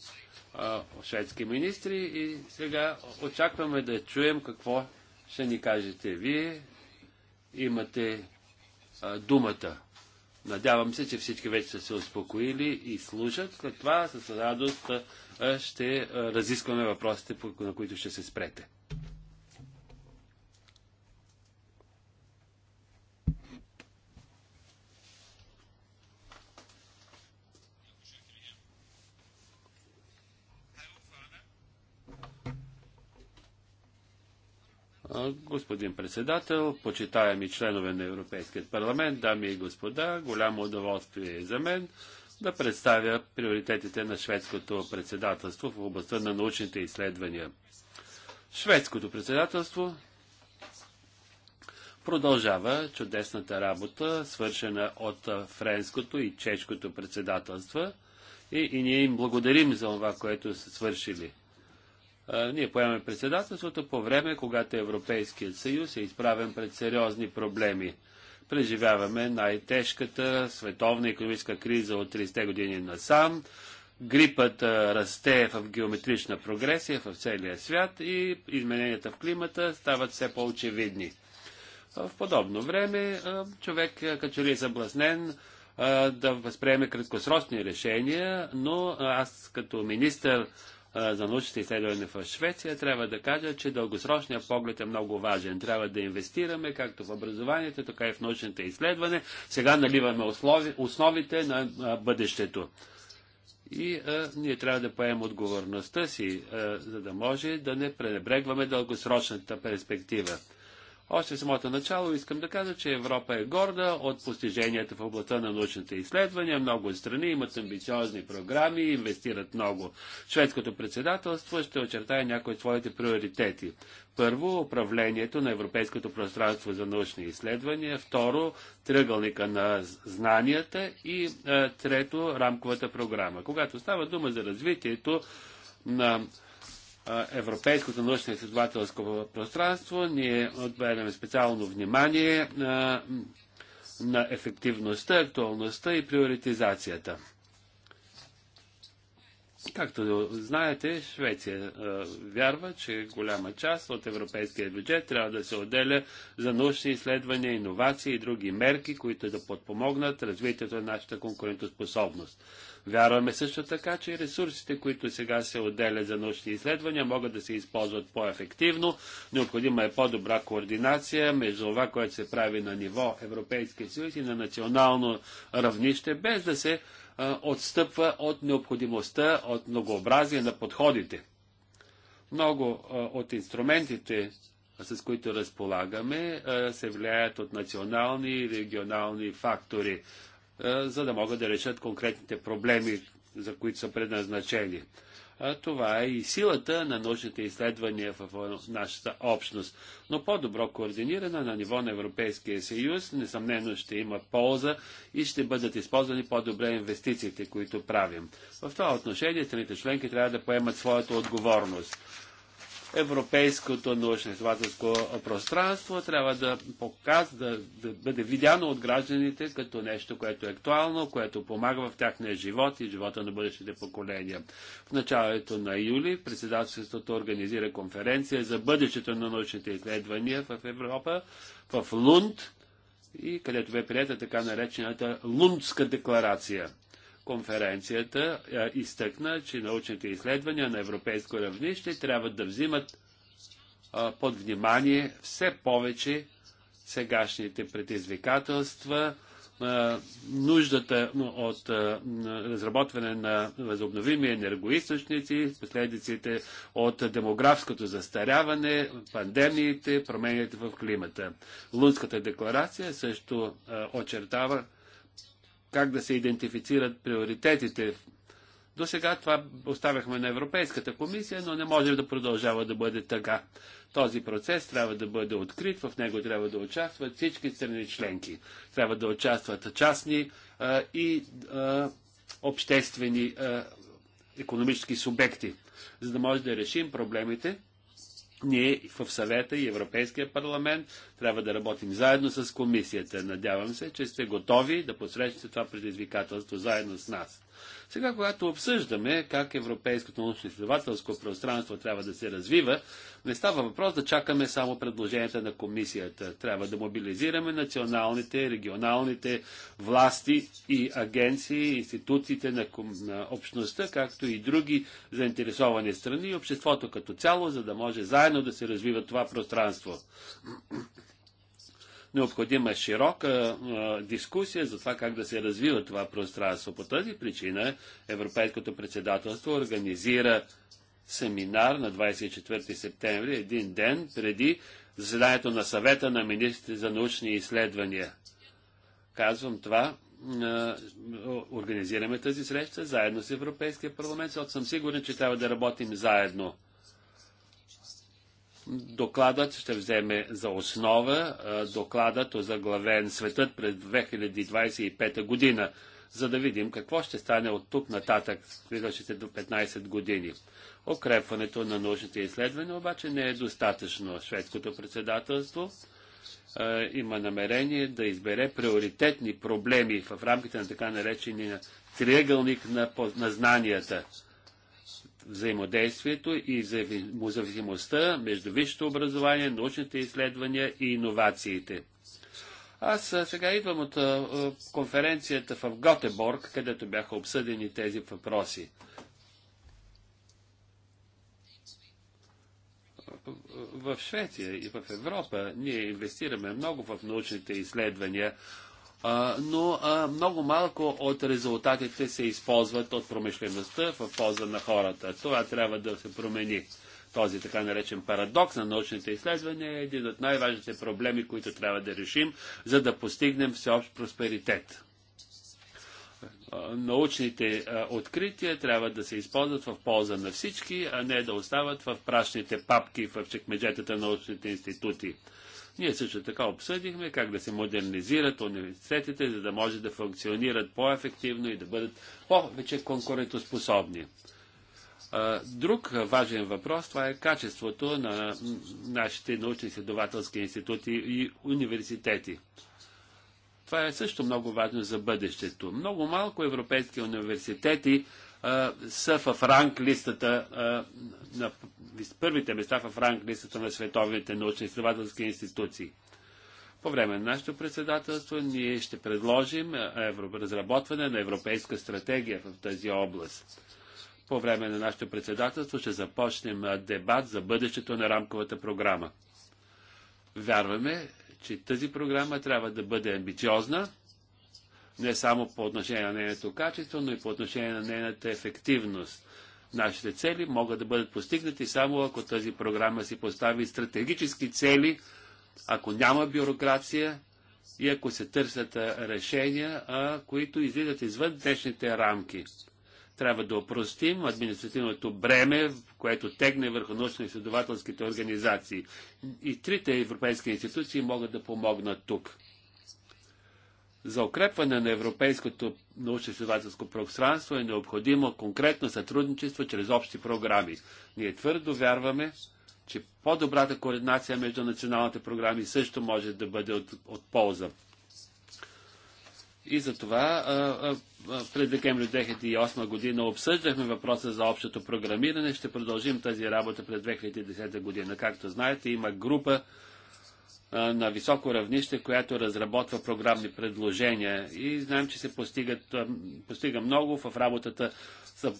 шведски министри, и сега очакваме да чуем какво ще ни кажете. Вие имате думата. Надявам се, че всички вече са се успокоили и служат. След това с радост ще разискваме въпросите, на които ще се спрете. Господин председател, почитаеми членове на Европейския парламент, дами и господа, голямо удоволствие е за мен да представя приоритетите на шведското председателство в областта на научните изследвания. Шведското председателство продължава чудесната работа, свършена от френското и чешкото председателство, и, и ние им благодарим за това, което са свършили ние поемаме председателството по време, когато Европейският съюз е изправен пред сериозни проблеми. Преживяваме най-тежката световна економическа криза от 30-те години насам. Грипът расте в геометрична прогресия в целия свят и измененията в климата стават все по-очевидни. В подобно време човек като ли е съблазнен да възприеме краткосрочни решения, но аз като министър за научните изследвания в Швеция, трябва да кажа, че дългосрочният поглед е много важен. Трябва да инвестираме както в образованието, така и в научните изследвания. Сега наливаме основи, основите на а, бъдещето. И а, ние трябва да поемем отговорността си, а, за да може да не пренебрегваме дългосрочната перспектива. Още самото начало искам да кажа, че Европа е горда от постиженията в областта на научните изследвания. Много страни имат амбициозни програми, инвестират много. Шведското председателство ще очертая някои от своите приоритети. Първо, управлението на Европейското пространство за научни изследвания. Второ, тръгълника на знанията. И е, трето, рамковата програма. Когато става дума за развитието на европейското научно-изследователско пространство, ние отбеляме специално внимание на, на ефективността, актуалността и приоритизацията. Както знаете, Швеция е, вярва, че голяма част от европейския бюджет трябва да се отделя за научни изследвания, иновации и други мерки, които да подпомогнат развитието на нашата конкурентоспособност. Вярваме също така, че ресурсите, които сега се отделят за научни изследвания, могат да се използват по-ефективно. Необходима е по-добра координация между това, което се прави на ниво Европейския съюз и на национално равнище, без да се е, отстъпва от необходимостта от многообразие на подходите. Много от инструментите, с които разполагаме, се влияят от национални и регионални фактори, за да могат да решат конкретните проблеми, за които са предназначени. Това е и силата на научните изследвания в нашата общност. Но по-добро координирана на ниво на Европейския съюз, несъмнено ще има полза и ще бъдат използвани по-добре инвестициите, които правим. В това отношение страните членки трябва да поемат своята отговорност европейското научно-изследователско пространство трябва да показва, да, да бъде видяно от гражданите като нещо, което е актуално, което помага в тяхния живот и живота на бъдещите поколения. В началото на юли председателството организира конференция за бъдещето на научните изследвания в Европа, в Лунд, и където бе прията така наречената Лундска декларация – Конференцията изтъкна, че научните изследвания на европейско равнище трябва да взимат под внимание все повече сегашните предизвикателства, нуждата от разработване на възобновими енергоисточници, последиците от демографското застаряване, пандемиите, промените в климата. Лунската декларация също очертава как да се идентифицират приоритетите. До сега това оставяхме на Европейската комисия, но не може да продължава да бъде така. Този процес трябва да бъде открит, в него трябва да участват всички страни членки. Трябва да участват частни а, и а, обществени а, економически субекти, за да може да решим проблемите ние в съвета и Европейския парламент трябва да работим заедно с комисията. Надявам се, че сте готови да посрещате това предизвикателство заедно с нас. Сега, когато обсъждаме как европейското научно-изследователско пространство трябва да се развива, не става въпрос да чакаме само предложенията на комисията. Трябва да мобилизираме националните, регионалните власти и агенции, институциите на, на общността, както и други заинтересовани страни и обществото като цяло, за да може заедно да се развива това пространство. Необходима е широка дискусия за това как да се развива това пространство. По тази причина Европейското председателство организира семинар на 24 септември, един ден преди заседанието на съвета на министрите за научни изследвания. Казвам това, организираме тази среща заедно с Европейския парламент, защото съм сигурен, че трябва да работим заедно. Докладът ще вземе за основа докладът озаглавен Светът през 2025 година, за да видим какво ще стане от тук нататък, следващите до 15 години. Окрепването на научните изследвания обаче не е достатъчно. Шведското председателство е, има намерение да избере приоритетни проблеми в рамките на така наречения триъгълник на, на знанията – взаимодействието и взаимозависимостта между висшето образование, научните изследвания и иновациите. Аз сега идвам от конференцията в Готеборг, където бяха обсъдени тези въпроси. В Швеция и в Европа ние инвестираме много в научните изследвания, но много малко от резултатите се използват от промишлеността в полза на хората. Това трябва да се промени. Този така наречен парадокс на научните изследвания е един от най-важните проблеми, които трябва да решим, за да постигнем всеобщ просперитет. Научните открития трябва да се използват в полза на всички, а не да остават в прашните папки в чекмеджетата на научните институти. Ние също така обсъдихме как да се модернизират университетите, за да може да функционират по-ефективно и да бъдат повече конкурентоспособни. Друг важен въпрос, това е качеството на нашите научно-изследователски институти и университети. Това е също много важно за бъдещето. Много малко европейски университети а, са в ранг листата а, на първите места в ранглистата на световните научно-изследователски институции. По време на нашето председателство ние ще предложим разработване на европейска стратегия в тази област. По време на нашето председателство ще започнем дебат за бъдещето на рамковата програма. Вярваме, че тази програма трябва да бъде амбициозна, не само по отношение на нейното качество, но и по отношение на нейната ефективност. Нашите цели могат да бъдат постигнати само ако тази програма си постави стратегически цели, ако няма бюрокрация и ако се търсят решения, а, които излизат извън днешните рамки. Трябва да опростим административното бреме, което тегне върху научно-изследователските организации. И трите европейски институции могат да помогнат тук. За укрепване на европейското научно-изследователско пространство е необходимо конкретно сътрудничество чрез общи програми. Ние твърдо вярваме, че по-добрата координация между националните програми също може да бъде от, от полза. И затова през декември 2008 година обсъждахме въпроса за общото програмиране. Ще продължим тази работа през 2010 година. Както знаете, има група на високо равнище, която разработва програмни предложения. И знаем, че се постигат, постига много в работата с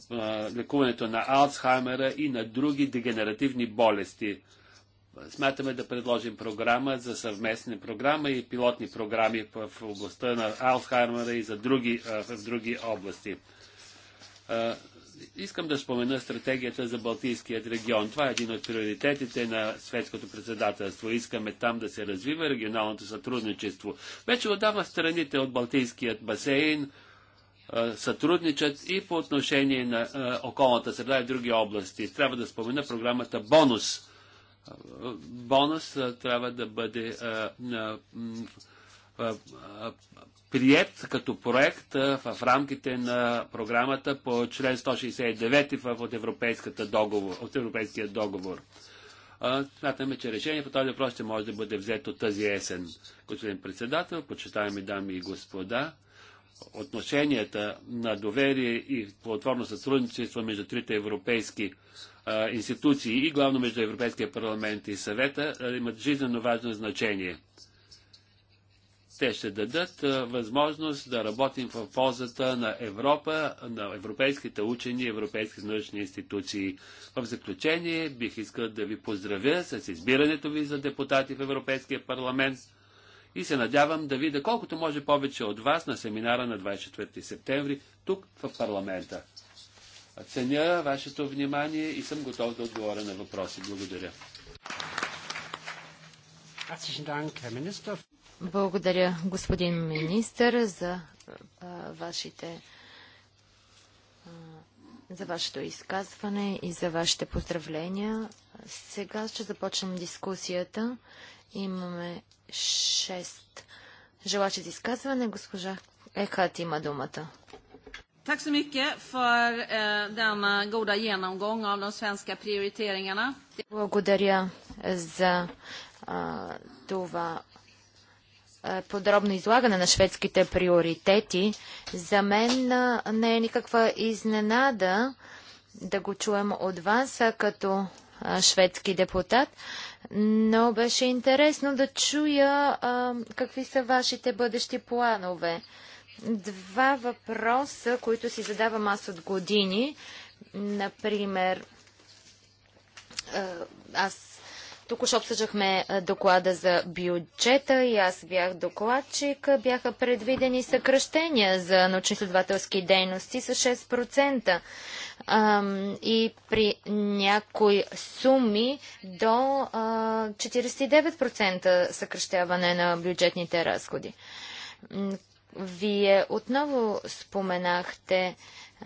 лекуването на Алцхаймера и на други дегенеративни болести. Смятаме да предложим програма за съвместни програма и пилотни програми в областта на Алцхаймера и за други, в други области искам да спомена стратегията за Балтийският регион. Това е един от приоритетите на светското председателство. Искаме там да се развива регионалното сътрудничество. Вече отдавна страните от Балтийският басейн сътрудничат и по отношение на околната среда и други области. Трябва да спомена програмата Бонус. Бонус трябва да бъде прият като проект в рамките на програмата по член 169 от, европейската договор, от Европейския договор. Смятаме, че решение по този въпрос ще може да бъде взето тази есен. Господин председател, почитаваме дами и господа, отношенията на доверие и плодотворно сътрудничество между трите европейски а, институции и главно между Европейския парламент и съвета имат жизненно важно значение. Те ще дадат възможност да работим в ползата на Европа, на европейските учени, европейски научни институции. В заключение бих искал да ви поздравя с избирането ви за депутати в Европейския парламент и се надявам да видя колкото може повече от вас на семинара на 24 септември тук в парламента. Ценя вашето внимание и съм готов да отговоря на въпроси. Благодаря. Благодаря, господин министър, за вашите за вашето изказване и за вашите поздравления. Сега ще започнем дискусията. Имаме 6 желачи за изказване. Госпожа Ехат има думата. Tack så mycket för eh, denna goda genomgång av de svenska prioriteringarna. Благодаря за а, това е, подробно излагане на шведските приоритети, за мен е, не е никаква изненада да го чуем от вас като е, шведски депутат, но беше интересно да чуя какви са вашите бъдещи планове. Два въпроса, които си задавам аз от години. Например, аз Току-що обсъждахме доклада за бюджета и аз бях докладчик. Бяха предвидени съкръщения за научно-изследователски дейности с 6%. и при някои суми до 49% съкръщаване на бюджетните разходи. Вие отново споменахте,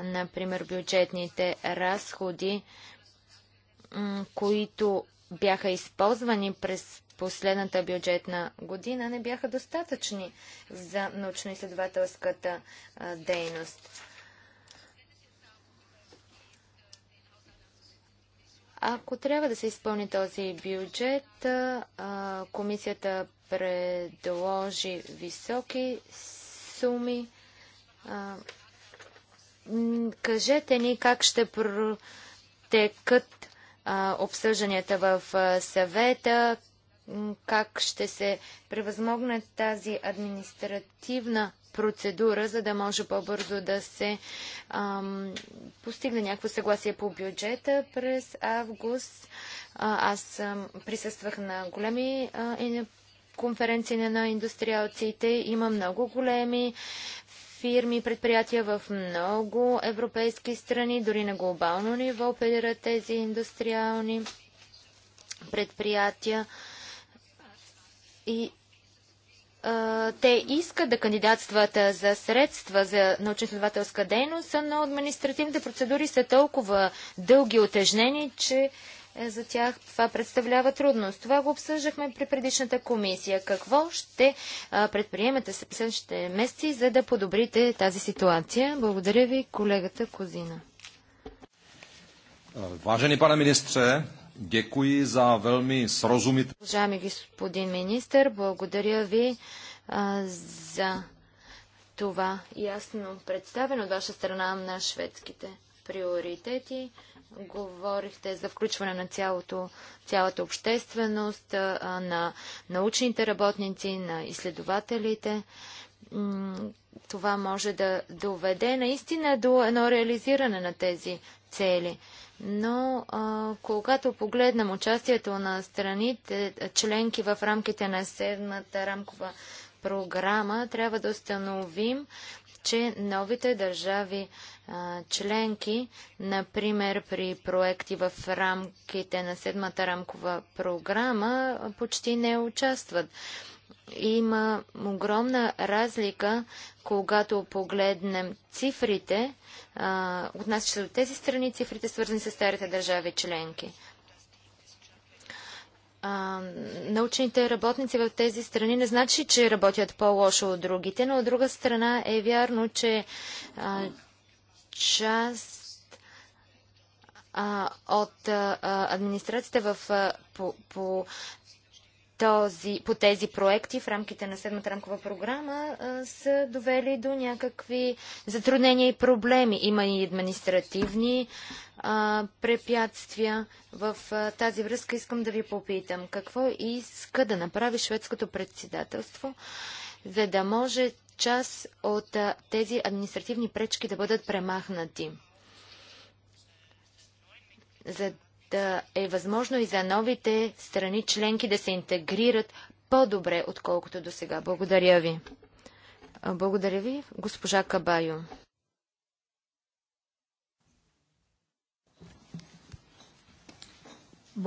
например, бюджетните разходи, които бяха използвани през последната бюджетна година, не бяха достатъчни за научно-изследователската дейност. Ако трябва да се изпълни този бюджет, комисията предложи високи суми. кажете ни как ще протекат обсъжданията в съвета, как ще се превъзмогне тази административна процедура, за да може по-бързо да се ам, постигне някакво съгласие по бюджета през август. А, аз ам, присъствах на големи а, конференции на индустриалците. Има много големи фирми и предприятия в много европейски страни, дори на глобално ниво оперират тези индустриални предприятия. И те искат да кандидатстват за средства за научно-изследователска дейност, но административните процедури са толкова дълги и отежнени, че е, за тях това представлява трудност. Това го обсъждахме при предишната комисия. Какво ще предприемете следващите месеци, за да подобрите тази ситуация? Благодаря ви, колегата Козина. Е, важени пане министре, дякуй за велми срозумите. Уважаеми господин министр, благодаря ви а, за това ясно представено от ваша страна на шведските приоритети. Говорихте за включване на цялото, цялата общественост, на научните работници, на изследователите. Това може да доведе наистина до едно реализиране на тези цели. Но а, когато погледнем участието на страните, членки в рамките на седмата рамкова програма, трябва да установим, че новите държави членки, например при проекти в рамките на седмата рамкова програма, почти не участват. Има огромна разлика, когато погледнем цифрите, отнасящи се до тези страни, цифрите свързани с старите държави членки а, научните работници в тези страни не значи, че работят по-лошо от другите, но от друга страна е вярно, че а, част а, от администрацията в, по, по този, по тези проекти в рамките на седмата рамкова програма а, са довели до някакви затруднения и проблеми. Има и административни а, препятствия. В а, тази връзка искам да ви попитам какво иска да направи шведското председателство, за да може част от а, тези административни пречки да бъдат премахнати. За да е възможно и за новите страни членки да се интегрират по-добре, отколкото до сега. Благодаря ви. Благодаря ви, госпожа Кабайо.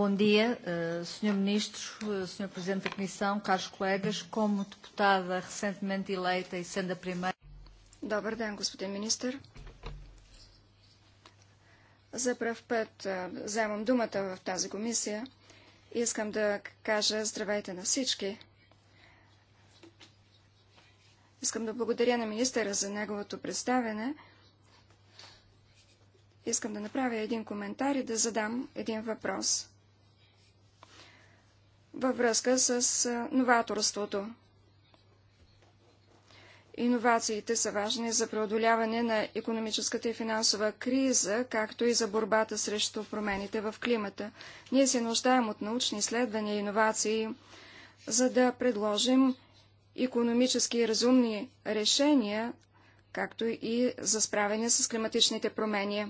Bom dia, eh, Sr. Ministro, eh, Sr. Presidente da Comissão, caros colegas. Como deputada recentemente eleita e sendo a primeira. Dobro ден, господин министр. За пръв път вземам думата в тази комисия. Искам да кажа здравейте на всички. Искам да благодаря на министъра за неговото представяне. Искам да направя един коментар и да задам един въпрос във връзка с новаторството. Иновациите са важни за преодоляване на економическата и финансова криза, както и за борбата срещу промените в климата. Ние се нуждаем от научни изследвания и иновации, за да предложим економически и разумни решения, както и за справяне с климатичните промени.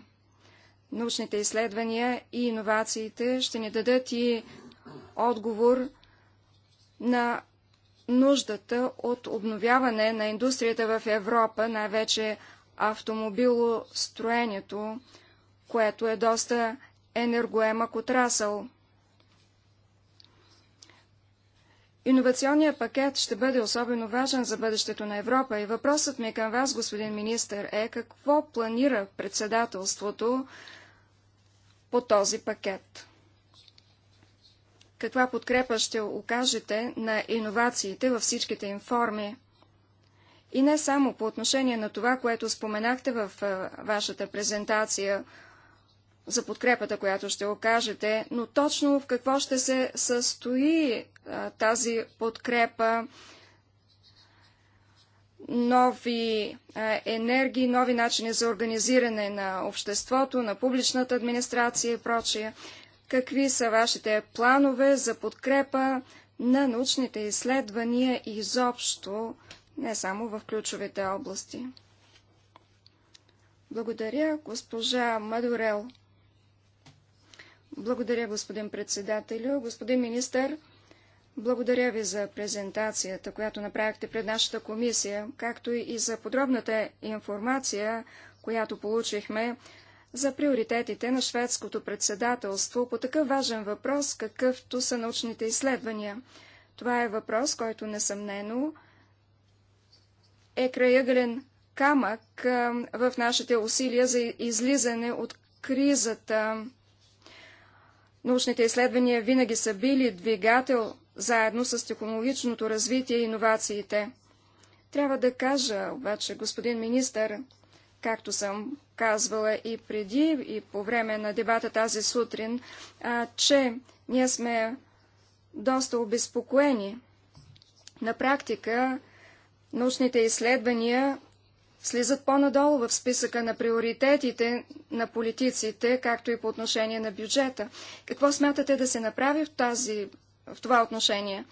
Научните изследвания и иновациите ще ни дадат и отговор на нуждата от обновяване на индустрията в Европа, най-вече автомобилостроението, което е доста енергоемък отрасъл. Инновационният пакет ще бъде особено важен за бъдещето на Европа и въпросът ми е към вас, господин министр, е какво планира председателството по този пакет? каква подкрепа ще окажете на иновациите във всичките им форми. И не само по отношение на това, което споменахте в вашата презентация за подкрепата, която ще окажете, но точно в какво ще се състои тази подкрепа, нови енергии, нови начини за организиране на обществото, на публичната администрация и прочие. Какви са вашите планове за подкрепа на научните изследвания изобщо, не само в ключовите области? Благодаря, госпожа Мадурел. Благодаря, господин председателю. Господин министър, благодаря ви за презентацията, която направихте пред нашата комисия, както и за подробната информация, която получихме за приоритетите на шведското председателство по такъв важен въпрос, какъвто са научните изследвания. Това е въпрос, който несъмнено е краягълен камък в нашите усилия за излизане от кризата. Научните изследвания винаги са били двигател заедно с технологичното развитие и иновациите. Трябва да кажа обаче, господин министър, както съм казвала и преди, и по време на дебата тази сутрин, а, че ние сме доста обезпокоени. На практика научните изследвания слизат по-надолу в списъка на приоритетите на политиците, както и по отношение на бюджета. Какво смятате да се направи в, тази, в това отношение?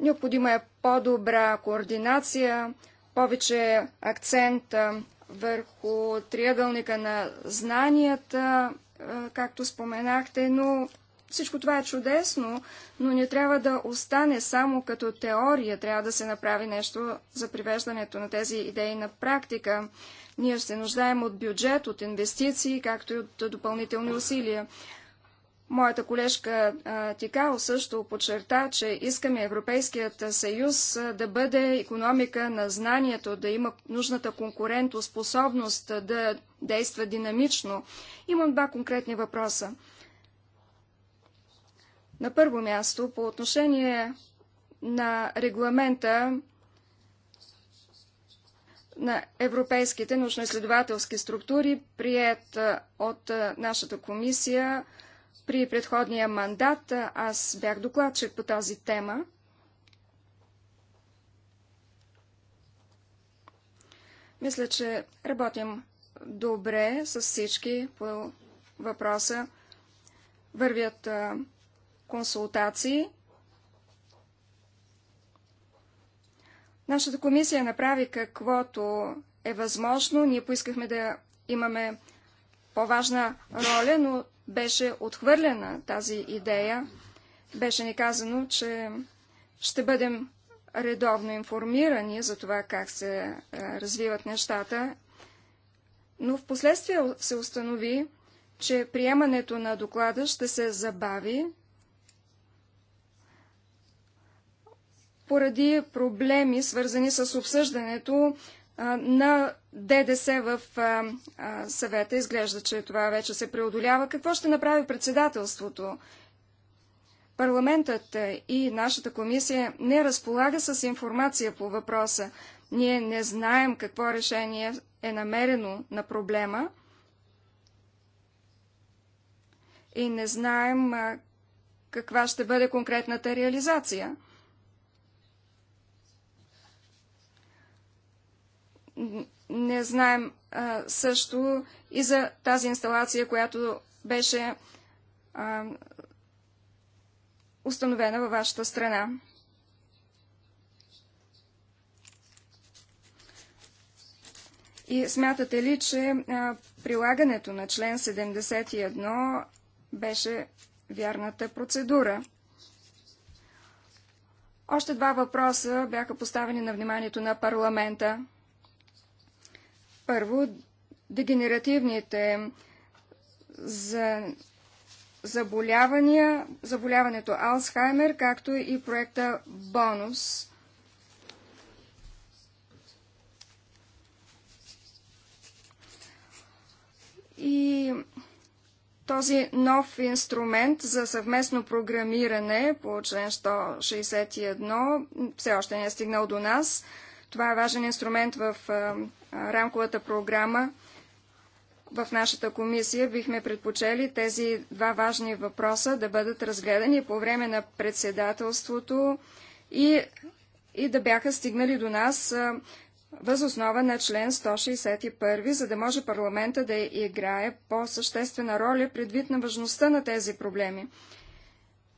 Необходима е по-добра координация, повече акцент върху триъгълника на знанията, както споменахте, но всичко това е чудесно, но не трябва да остане само като теория. Трябва да се направи нещо за привеждането на тези идеи на практика. Ние се нуждаем от бюджет, от инвестиции, както и от допълнителни усилия. Моята колежка Тикао също подчерта, че искаме Европейският съюз да бъде економика на знанието, да има нужната конкурентоспособност, да действа динамично. Имам два конкретни въпроса. На първо място, по отношение на регламента на европейските научно-изследователски структури, прият от нашата комисия – при предходния мандат аз бях докладчик по тази тема. Мисля, че работим добре с всички по въпроса. Вървят консултации. Нашата комисия направи каквото е възможно. Ние поискахме да имаме по-важна роля, но беше отхвърлена тази идея. Беше ни казано, че ще бъдем редовно информирани за това как се е, развиват нещата, но в последствие се установи, че приемането на доклада ще се забави поради проблеми, свързани с обсъждането на ДДС в съвета. Изглежда, че това вече се преодолява. Какво ще направи председателството? Парламентът и нашата комисия не разполага с информация по въпроса. Ние не знаем какво решение е намерено на проблема и не знаем каква ще бъде конкретната реализация. не знаем а, също и за тази инсталация, която беше а, установена във вашата страна. И смятате ли, че а, прилагането на член 71 беше вярната процедура? Още два въпроса бяха поставени на вниманието на парламента. Първо, дегенеративните за заболявания, заболяването Алцхаймер, както и проекта Бонус. И този нов инструмент за съвместно програмиране по член 161 все още не е стигнал до нас. Това е важен инструмент в рамковата програма, в нашата комисия бихме предпочели тези два важни въпроса да бъдат разгледани по време на председателството и, и да бяха стигнали до нас възоснова на член 161, за да може парламента да играе по-съществена роля предвид на важността на тези проблеми.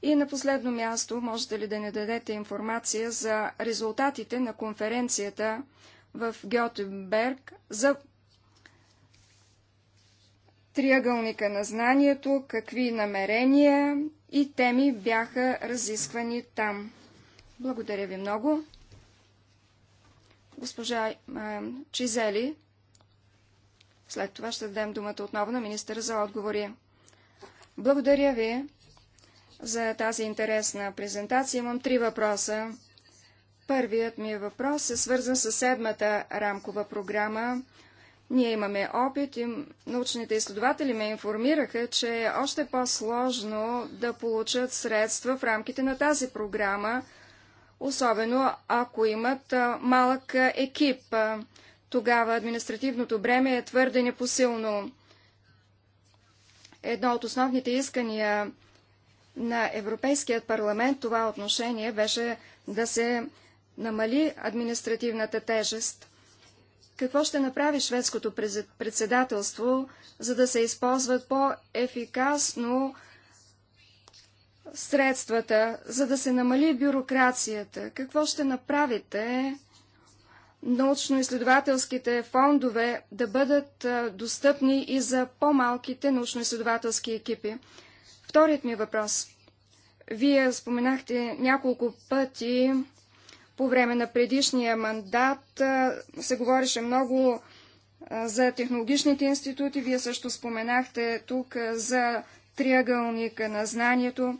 И на последно място, можете ли да ни дадете информация за резултатите на конференцията в Гьотенберг за триъгълника на знанието, какви намерения и теми бяха разисквани там. Благодаря ви много. Госпожа а, е, Чизели, след това ще дадем думата отново на министъра за отговори. Благодаря ви за тази интересна презентация. Имам три въпроса. Първият ми въпрос е свързан с седмата рамкова програма. Ние имаме опит и научните изследователи ме информираха, че е още по-сложно да получат средства в рамките на тази програма, особено ако имат малък екип. Тогава административното бреме е твърде непосилно. Едно от основните искания на Европейският парламент това отношение беше да се намали административната тежест. Какво ще направи шведското председателство, за да се използват по-ефикасно средствата, за да се намали бюрокрацията? Какво ще направите научно-изследователските фондове да бъдат достъпни и за по-малките научно-изследователски екипи? Вторият ми въпрос. Вие споменахте няколко пъти по време на предишния мандат се говореше много за технологичните институти. Вие също споменахте тук за триъгълника на знанието.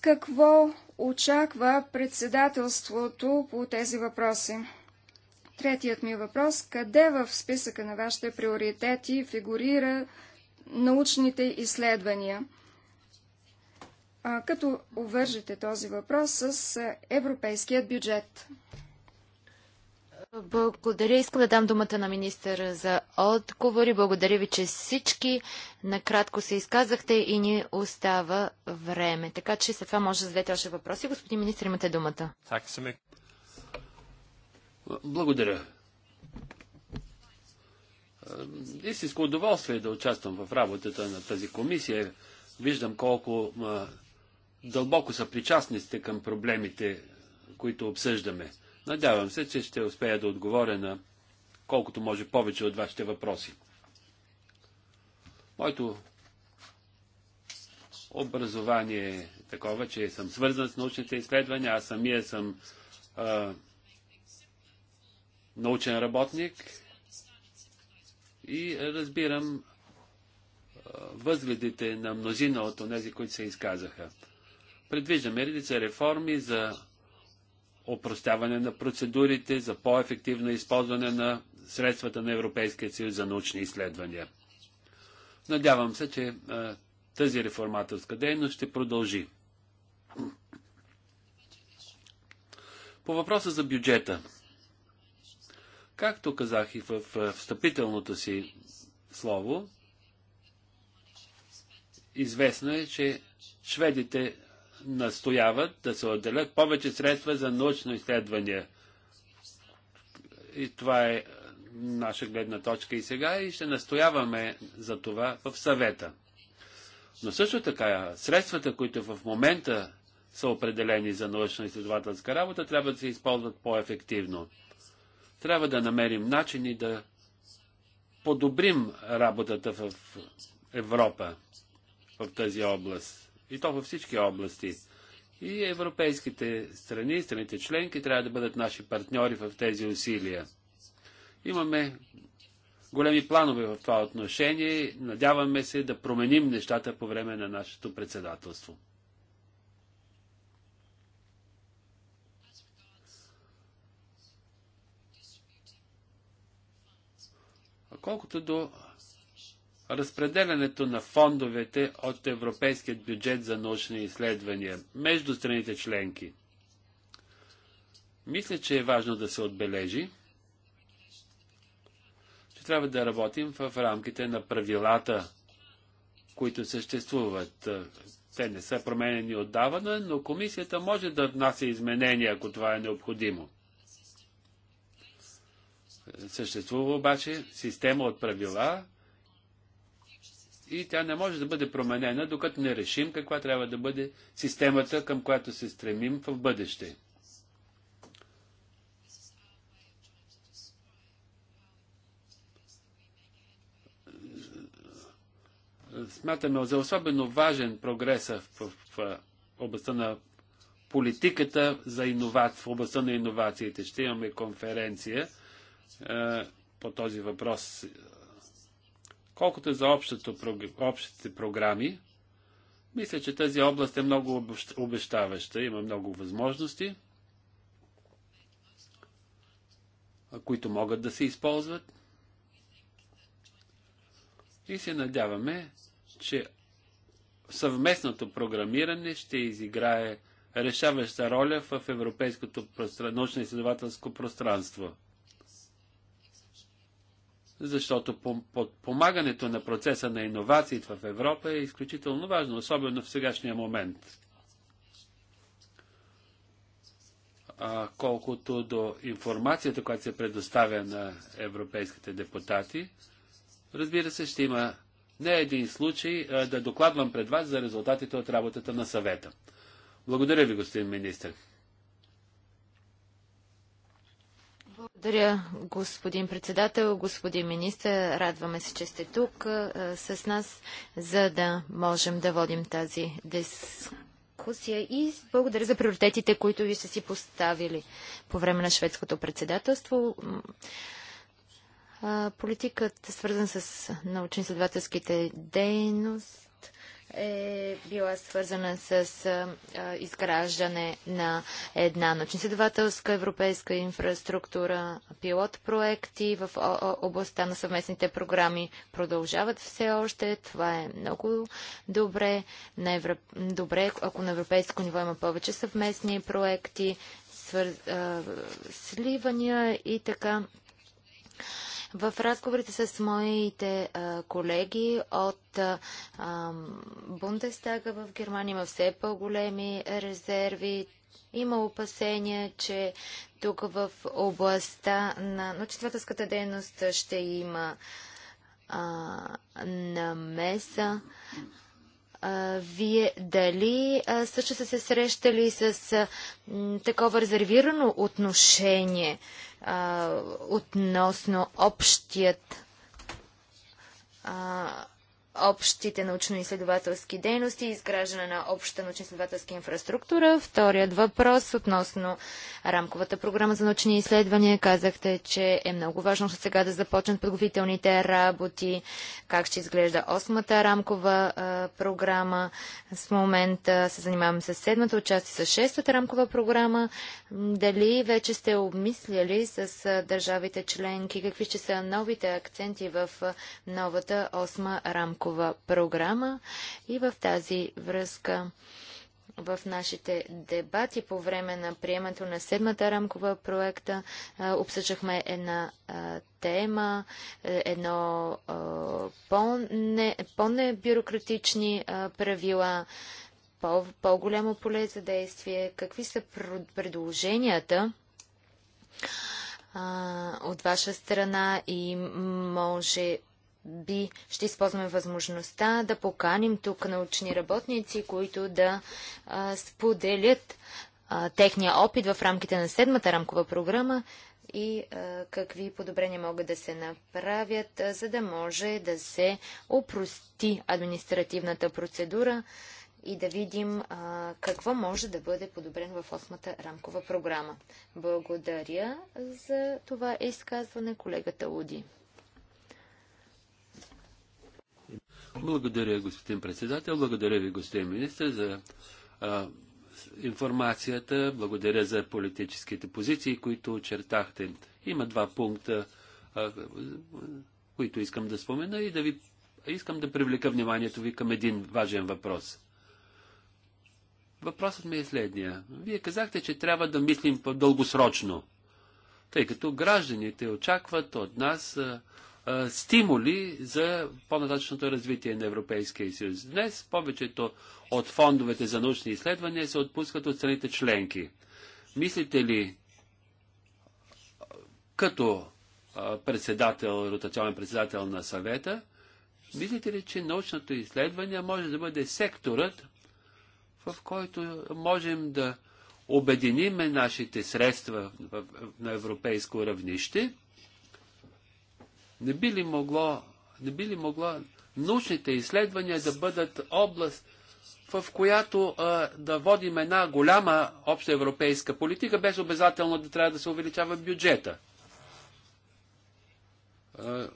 Какво очаква председателството по тези въпроси? Третият ми въпрос. Къде в списъка на вашите приоритети фигурира научните изследвания? като увържете този въпрос с европейският бюджет. Благодаря. Искам да дам думата на министър за отговори. Благодаря ви, че всички накратко се изказахте и ни остава време. Така че след това може да зададете още въпроси. Господин министр, имате думата. Благодаря. Е, Истинско удоволствие да участвам в работата на тази комисия. Виждам колко дълбоко са причастни сте към проблемите, които обсъждаме. Надявам се, че ще успея да отговоря на колкото може повече от вашите въпроси. Моето образование е такова, че съм свързан с научните изследвания. Аз самия съм а, научен работник и разбирам а, възгледите на мнозина от тези, които се изказаха. Предвиждаме редица реформи за опростяване на процедурите, за по-ефективно използване на средствата на Европейския съюз за научни изследвания. Надявам се, че а, тази реформаторска дейност ще продължи. По въпроса за бюджета. Както казах и в встъпителното си слово, известно е, че шведите настояват да се отделят повече средства за научно изследване. И това е наша гледна точка и сега и ще настояваме за това в съвета. Но също така, средствата, които в момента са определени за научно-изследователска работа, трябва да се използват по-ефективно. Трябва да намерим начини да подобрим работата в Европа в тази област. И то във всички области. И европейските страни, страните членки трябва да бъдат наши партньори в тези усилия. Имаме големи планове в това отношение. Надяваме се да променим нещата по време на нашето председателство. Колкото до разпределянето на фондовете от европейският бюджет за научни изследвания между страните членки. Мисля, че е важно да се отбележи, че трябва да работим в рамките на правилата, които съществуват. Те не са променени отдавна, но комисията може да внася изменения, ако това е необходимо. Съществува обаче система от правила, и тя не може да бъде променена, докато не решим каква трябва да бъде системата, към която се стремим в бъдеще. Смятаме за особено важен прогреса в, в, в областта на политиката за иноват, в областта на иновациите. Ще имаме конференция е, по този въпрос Колкото е за общото, общите програми, мисля, че тази област е много обещаваща, има много възможности, които могат да се използват. И се надяваме, че съвместното програмиране ще изиграе решаваща роля в европейското научно-изследователско пространство защото подпомагането на процеса на иновации в Европа е изключително важно, особено в сегашния момент. А колкото до информацията, която се предоставя на европейските депутати, разбира се, ще има не един случай да докладвам пред вас за резултатите от работата на съвета. Благодаря ви, господин министр. Благодаря, господин председател, господин министър, Радваме се, че сте тук а, с нас, за да можем да водим тази дискусия. И благодаря за приоритетите, които ви сте си поставили по време на шведското председателство. А, политикът, свързан с научно-изследователските дейности, е била свързана с а, изграждане на една научно-изследователска европейска инфраструктура, пилот проекти в областта на съвместните програми продължават все още. Това е много добре. На Евро... Добре, ако на европейско ниво има повече съвместни проекти, свър... а, сливания и така в разговорите с моите а, колеги от Бундестага в Германия има все по-големи резерви. Има опасения, че тук в областта на научно-изследователската дейност ще има а, намеса. вие дали също са се срещали с такова резервирано отношение? а, относно общият а, общите научно-изследователски дейности и изграждане на обща научно-изследователска инфраструктура. Вторият въпрос относно рамковата програма за научни изследвания. Казахте, че е много важно сега да започнат подготовителните работи, как ще изглежда осмата рамкова а, програма. С момента се занимавам с седмата и с шестата рамкова програма. Дали вече сте обмисляли с държавите членки какви ще са новите акценти в новата осма рамка? рамкова програма и в тази връзка в нашите дебати по време на приемането на седмата рамкова проекта обсъждахме една тема, е, едно по-небюрократични по правила, по-голямо -по поле за действие. Какви са предложенията? от ваша страна и може би ще използваме възможността да поканим тук научни работници, които да а, споделят а, техния опит в рамките на седмата рамкова програма и а, какви подобрения могат да се направят, а, за да може да се опрости административната процедура и да видим а, какво може да бъде подобрено в осмата рамкова програма. Благодаря за това изказване колегата Уди. Благодаря, господин председател. Благодаря ви, господин министр, за а, информацията. Благодаря за политическите позиции, които очертахте. Има два пункта, а, които искам да спомена и да ви искам да привлека вниманието ви към един важен въпрос. Въпросът ми е следния. Вие казахте, че трябва да мислим по-дългосрочно, тъй като гражданите очакват от нас стимули за по-нататъчното развитие на Европейския съюз. Днес повечето от фондовете за научни изследвания се отпускат от страните членки. Мислите ли, като председател, ротационен председател на съвета, мислите ли, че научното изследване може да бъде секторът, в който можем да обединиме нашите средства на европейско равнище – не би ли могло, не би ли могло научните изследвания да бъдат област, в която а, да водим една голяма обща европейска политика, без обязателно да трябва да се увеличава бюджета. А,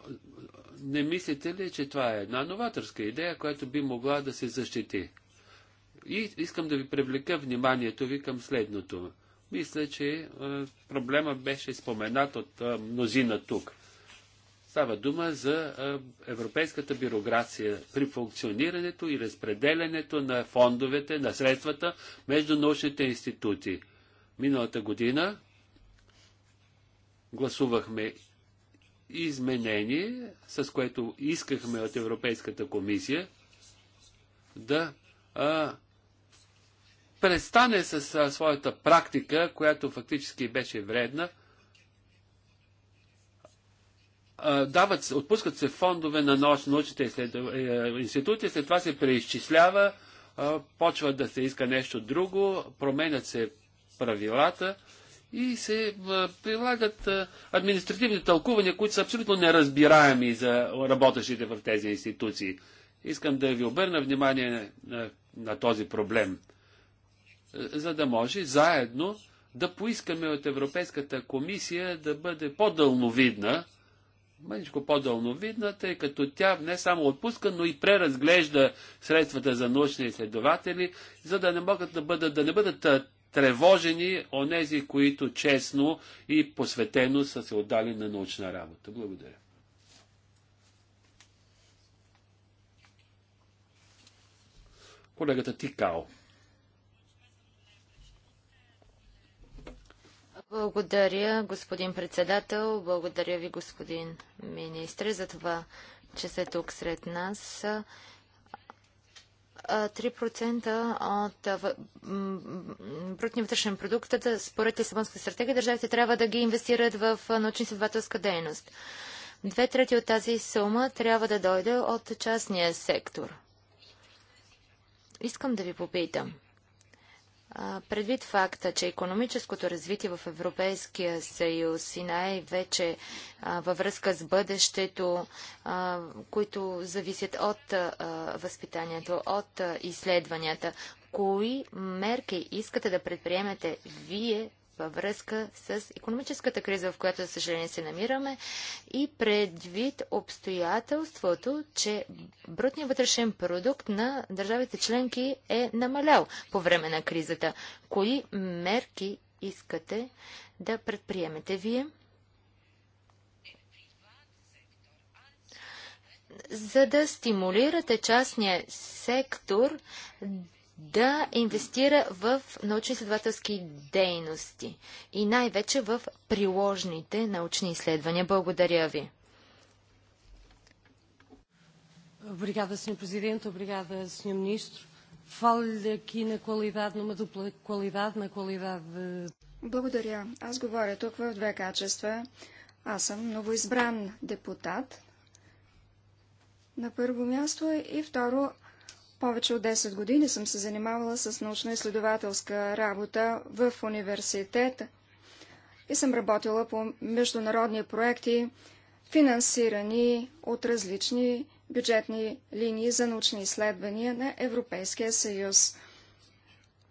не мислите ли, че това е една новаторска идея, която би могла да се защити? И искам да ви привлека вниманието ви към следното. Мисля, че а, проблема беше споменат от а, мнозина тук. Става дума за европейската бюрокрация при функционирането и разпределянето на фондовете, на средствата между научните институти. Миналата година гласувахме изменение, с което искахме от Европейската комисия да а, престане с а, своята практика, която фактически беше вредна – дават, отпускат се фондове на научните е, е, институти, след това се преизчислява, почва да се иска нещо друго, променят се правилата и се прилагат административни тълкувания, които са абсолютно неразбираеми за работещите в тези институции. Искам да ви обърна внимание на, на този проблем, е, за да може заедно да поискаме от Европейската комисия да бъде по-дълновидна мъничко по-дълновидна, тъй като тя не само отпуска, но и преразглежда средствата за научни изследователи, за да не могат да бъдат, да не бъдат тревожени онези, които честно и посветено са се отдали на научна работа. Благодаря. Колегата Тикао. Благодаря, господин председател. Благодаря ви, господин министр, за това, че сте тук сред нас. 3% от брутния вътрешен продукт, според Лисабонска стратегия, държавите трябва да ги инвестират в научно-изследователска дейност. Две трети от тази сума трябва да дойде от частния сектор. Искам да ви попитам – Предвид факта, че економическото развитие в Европейския съюз и най-вече във връзка с бъдещето, които зависят от възпитанието, от изследванията, кои мерки искате да предприемете вие във връзка с економическата криза, в която, за съжаление, се намираме и предвид обстоятелството, че брутният вътрешен продукт на държавите членки е намалял по време на кризата. Кои мерки искате да предприемете вие? за да стимулирате частния сектор да инвестира в научно-изследователски дейности и най-вече в приложните научни изследвания. Благодаря ви. Obrigada, Sr. Presidente. Obrigada, Sr. Ministro. Falo-lhe aqui na qualidade, numa dupla qualidade, na qualidade de... Благодаря. Аз говоря тук в две качества. Аз съм новоизбран депутат на първо място е и второ, повече от 10 години съм се занимавала с научно-изследователска работа в университета и съм работила по международни проекти, финансирани от различни бюджетни линии за научни изследвания на Европейския съюз.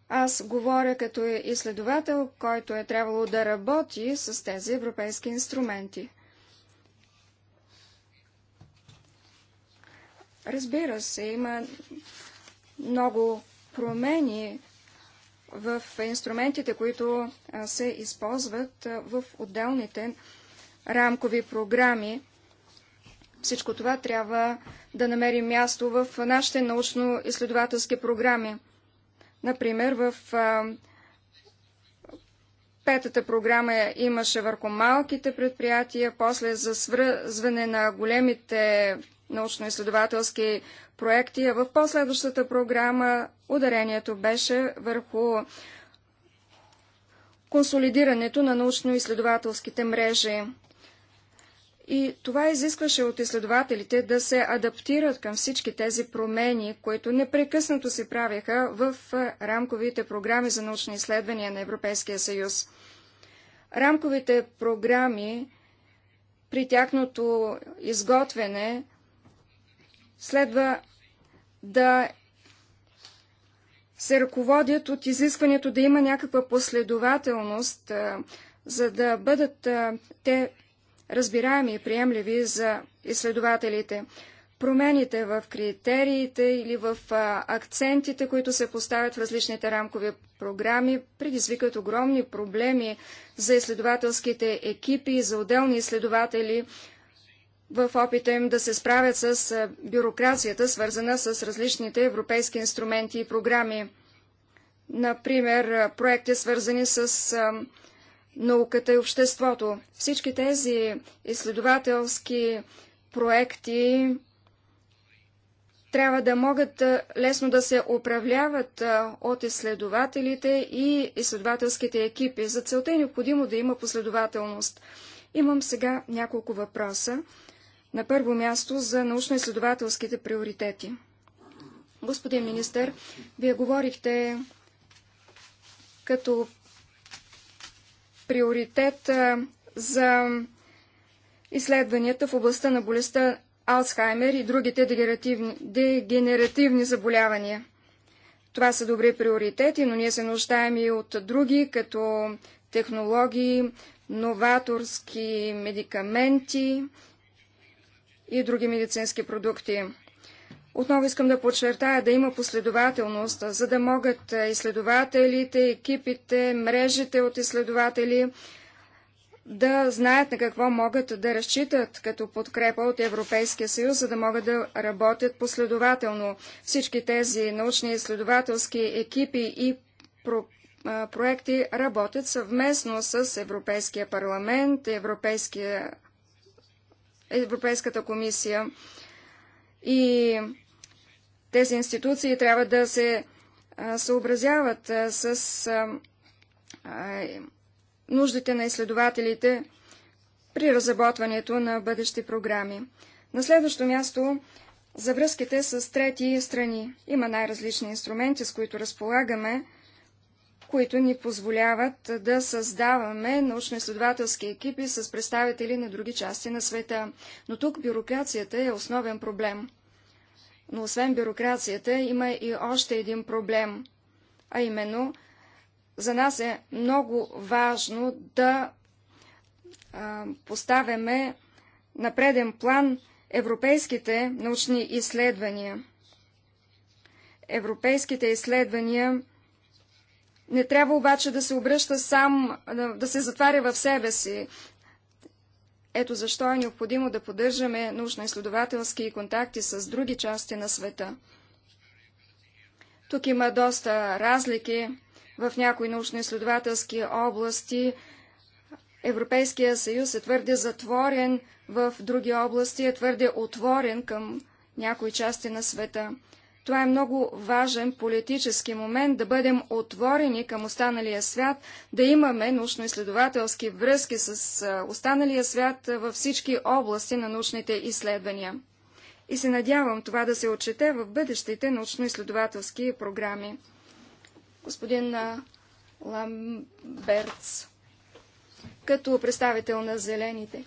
Аз говоря като изследовател, който е трябвало да работи с тези европейски инструменти. Разбира се, има много промени в инструментите, които се използват в отделните рамкови програми. Всичко това трябва да намери място в нашите научно-изследователски програми. Например, в петата програма имаше върху малките предприятия, после за свързване на големите научно-изследователски проекти, а в последващата програма ударението беше върху консолидирането на научно-изследователските мрежи. И това изискваше от изследователите да се адаптират към всички тези промени, които непрекъснато се правяха в рамковите програми за научни изследвания на Европейския съюз. Рамковите програми при тяхното изготвяне следва да се ръководят от изискването да има някаква последователност, за да бъдат те разбираеми и приемливи за изследователите. Промените в критериите или в акцентите, които се поставят в различните рамкови програми, предизвикат огромни проблеми за изследователските екипи и за отделни изследователи, в опита им да се справят с бюрокрацията, свързана с различните европейски инструменти и програми. Например, проекти свързани с науката и обществото. Всички тези изследователски проекти трябва да могат лесно да се управляват от изследователите и изследователските екипи. За целта е необходимо да има последователност. Имам сега няколко въпроса. На първо място за научно-изследователските приоритети. Господин министър, вие говорихте като приоритет за изследванията в областта на болестта Алцхаймер и другите дегенеративни, дегенеративни заболявания. Това са добри приоритети, но ние се нуждаем и от други, като технологии, новаторски медикаменти и други медицински продукти. Отново искам да подчертая да има последователност, за да могат изследователите, екипите, мрежите от изследователи да знаят на какво могат да разчитат като подкрепа от Европейския съюз, за да могат да работят последователно. Всички тези научни изследователски екипи и про проекти работят съвместно с Европейския парламент, Европейския Европейската комисия. И тези институции трябва да се съобразяват с нуждите на изследователите при разработването на бъдещи програми. На следващо място за връзките с трети страни. Има най-различни инструменти, с които разполагаме, които ни позволяват да създаваме научно-изследователски екипи с представители на други части на света. Но тук бюрокрацията е основен проблем. Но освен бюрокрацията има и още един проблем, а именно за нас е много важно да поставяме на преден план европейските научни изследвания. Европейските изследвания не трябва обаче да се обръща сам, да се затваря в себе си. Ето защо е необходимо да поддържаме научно-изследователски контакти с други части на света. Тук има доста разлики. В някои научно-изследователски области Европейския съюз е твърде затворен, в други области е твърде отворен към някои части на света. Това е много важен политически момент да бъдем отворени към останалия свят, да имаме научно-изследователски връзки с останалия свят във всички области на научните изследвания. И се надявам това да се отчете в бъдещите научно-изследователски програми. Господин Ламберц, като представител на зелените.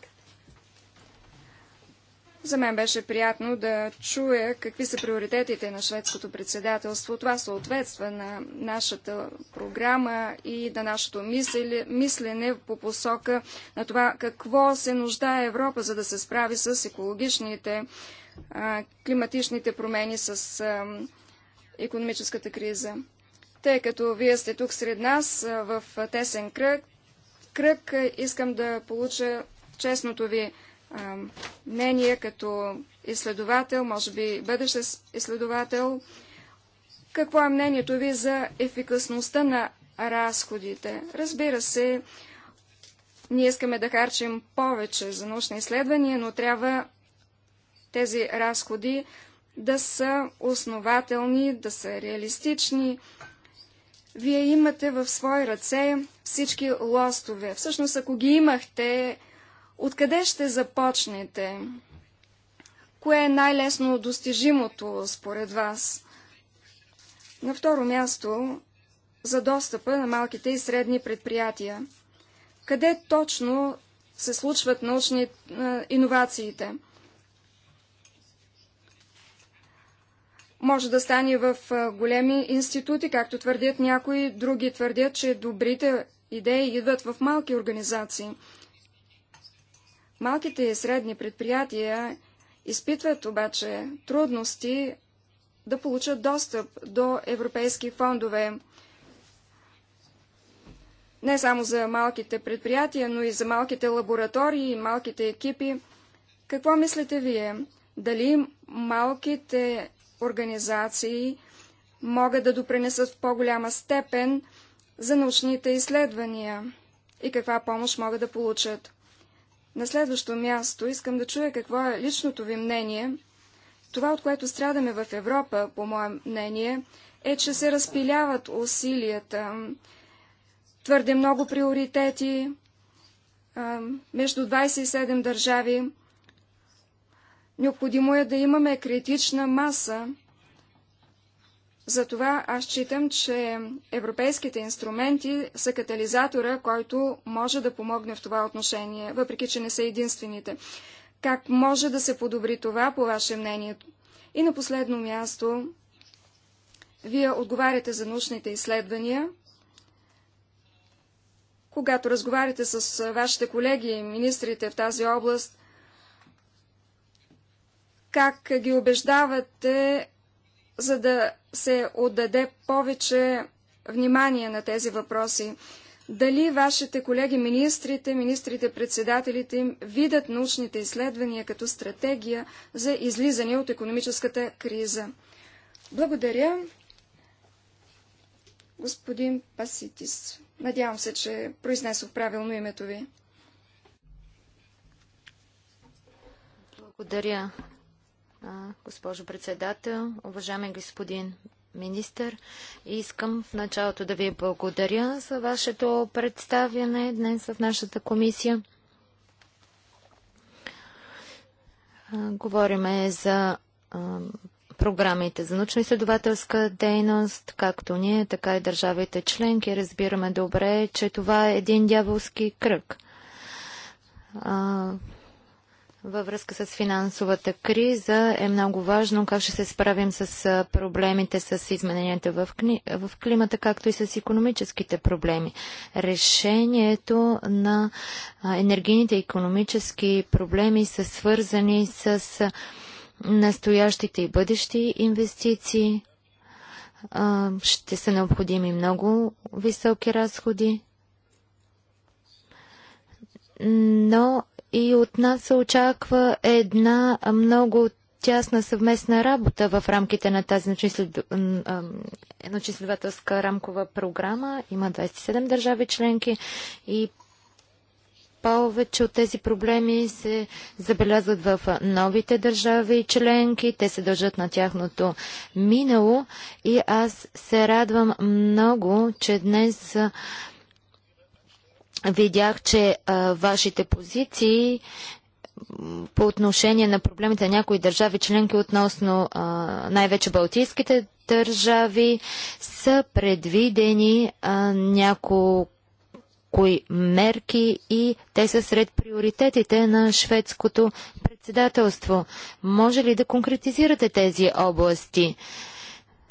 За мен беше приятно да чуя какви са приоритетите на шведското председателство. Това съответства на нашата програма и на нашето мислене по посока на това какво се нуждае Европа, за да се справи с екологичните, климатичните промени, с економическата криза. Тъй като вие сте тук сред нас в тесен кръг, кръг искам да получа честното ви мнение като изследовател, може би бъдещ изследовател, какво е мнението ви за ефикасността на разходите? Разбира се, ние искаме да харчим повече за научни изследвания, но трябва тези разходи да са основателни, да са реалистични. Вие имате в свои ръце всички лостове. Всъщност, ако ги имахте Откъде ще започнете? Кое е най-лесно достижимото според вас? На второ място за достъпа на малките и средни предприятия. Къде точно се случват научни иновациите? Може да стане в големи институти, както твърдят някои, други твърдят, че добрите идеи идват в малки организации – Малките и средни предприятия изпитват обаче трудности да получат достъп до европейски фондове. Не само за малките предприятия, но и за малките лаборатории и малките екипи. Какво мислите вие? Дали малките организации могат да допринесат в по-голяма степен за научните изследвания и каква помощ могат да получат? На следващо място искам да чуя какво е личното ви мнение. Това, от което страдаме в Европа, по мое мнение, е, че се разпиляват усилията, твърде много приоритети между 27 държави. Необходимо е да имаме критична маса затова аз считам, че европейските инструменти са катализатора, който може да помогне в това отношение, въпреки че не са единствените. Как може да се подобри това, по ваше мнение? И на последно място, вие отговаряте за научните изследвания. Когато разговаряте с вашите колеги и министрите в тази област, как ги убеждавате, за да се отдаде повече внимание на тези въпроси. Дали вашите колеги министрите, министрите председателите им видят научните изследвания като стратегия за излизане от економическата криза? Благодаря, господин Паситис. Надявам се, че произнесох правилно името ви. Благодаря госпожо председател, уважаеми господин министър. Искам в началото да ви благодаря за вашето представяне днес в нашата комисия. Говориме за програмите за научно-изследователска дейност, както ние, така и държавите членки. Разбираме добре, че това е един дяволски кръг. Във връзка с финансовата криза е много важно как ще се справим с проблемите с измененията в, климата, както и с економическите проблеми. Решението на енергийните и економически проблеми са свързани с настоящите и бъдещи инвестиции. Ще са необходими много високи разходи но и от нас се очаква една много тясна съвместна работа в рамките на тази научно рамкова програма. Има 27 държави членки и повече от тези проблеми се забелязват в новите държави и членки. Те се дължат на тяхното минало и аз се радвам много, че днес видях, че а, вашите позиции по отношение на проблемите на някои държави членки относно най-вече балтийските държави са предвидени а, няколко кои мерки и те са сред приоритетите на шведското председателство. Може ли да конкретизирате тези области,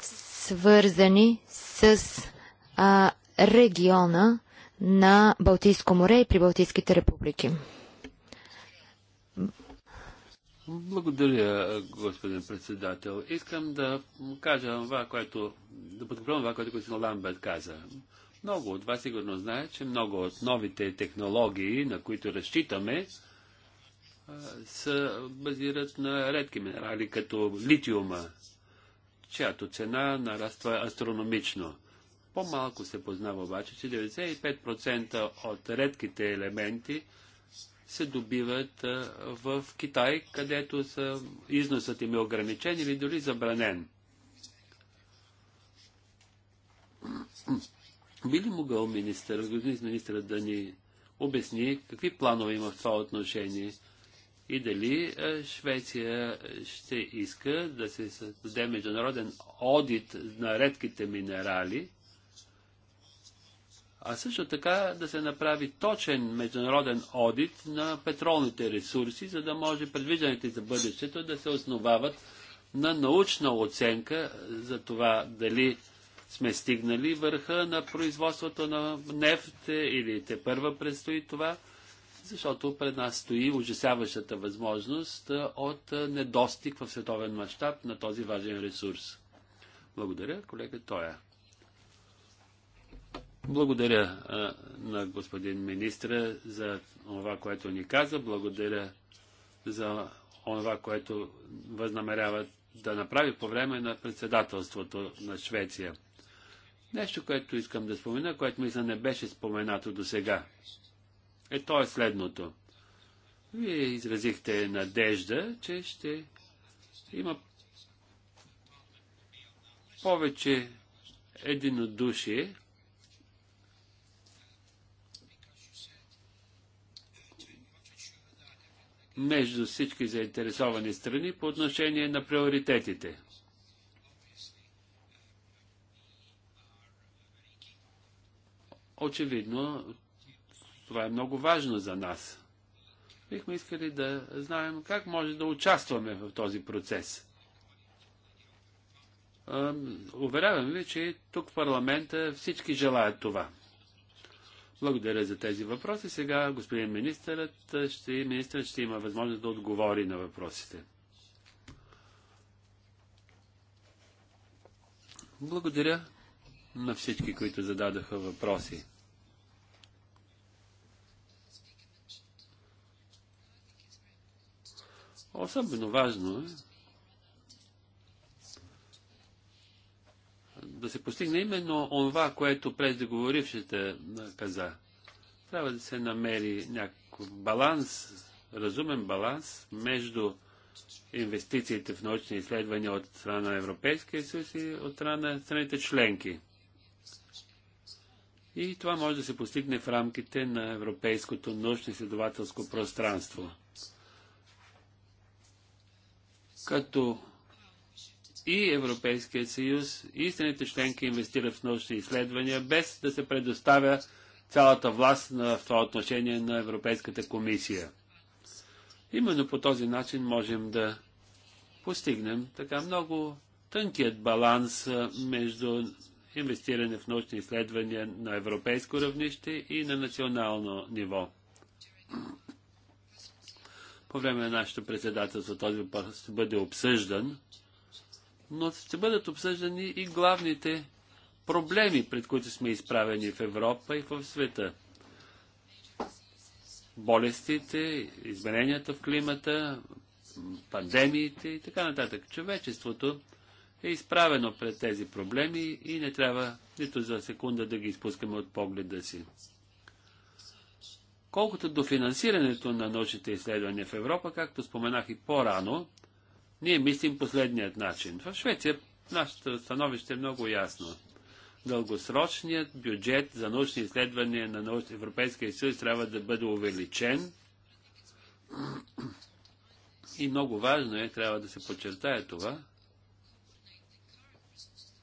свързани с а, региона на Балтийско море и при Балтийските републики. Благодаря, господин председател. Искам да кажа това, което, да подкрепям това, което господин Ламберт каза. Много от вас сигурно знаят, че много от новите технологии, на които разчитаме, се базират на редки минерали, като литиума, чиято цена нараства астрономично. По-малко се познава обаче, че 95% от редките елементи се добиват в Китай, където са, износът им е ограничен или дори забранен. Би ли могъл министър, министър да ни обясни какви планове има в това отношение и дали Швеция ще иска да се създаде международен одит на редките минерали, а също така да се направи точен международен одит на петролните ресурси, за да може предвижданите за бъдещето да се основават на научна оценка за това дали сме стигнали върха на производството на нефт или те първа предстои това, защото пред нас стои ужасяващата възможност от недостиг в световен мащаб на този важен ресурс. Благодаря, колега Тоя. Благодаря а, на господин министра за това, което ни каза. Благодаря за това, което възнамерява да направи по време на председателството на Швеция. Нещо, което искам да спомена, което мисля не беше споменато до сега. Е, то е следното. Вие изразихте надежда, че ще има повече единодушие между всички заинтересовани страни по отношение на приоритетите. Очевидно, това е много важно за нас. Бихме искали да знаем как може да участваме в този процес. Уверявам ви, че тук в парламента всички желаят това. Благодаря за тези въпроси. Сега господин министърът ще, министърът ще има възможност да отговори на въпросите. Благодаря на всички, които зададаха въпроси. Особено важно е да се постигне именно онова, което преждеговорившите каза. Трябва да се намери някакъв баланс, разумен баланс между инвестициите в научни изследвания от страна на Европейския съюз и от страна на страните членки. И това може да се постигне в рамките на европейското научно-изследователско пространство. Като и Европейският съюз и страните членки инвестират в научни изследвания, без да се предоставя цялата власт на, в това отношение на Европейската комисия. Именно по този начин можем да постигнем така много тънкият баланс между инвестиране в научни изследвания на европейско равнище и на национално ниво. По време на нашето председателство този въпрос ще бъде обсъждан но ще бъдат обсъждани и главните проблеми, пред които сме изправени в Европа и в света. Болестите, измененията в климата, пандемиите и така нататък. Човечеството е изправено пред тези проблеми и не трябва нито за секунда да ги изпускаме от погледа си. Колкото до финансирането на научните изследвания в Европа, както споменах и по-рано, ние мислим последният начин. В Швеция нашето становище е много ясно. Дългосрочният бюджет за научни изследвания на Европейския съюз трябва да бъде увеличен. И много важно е, трябва да се подчертае това,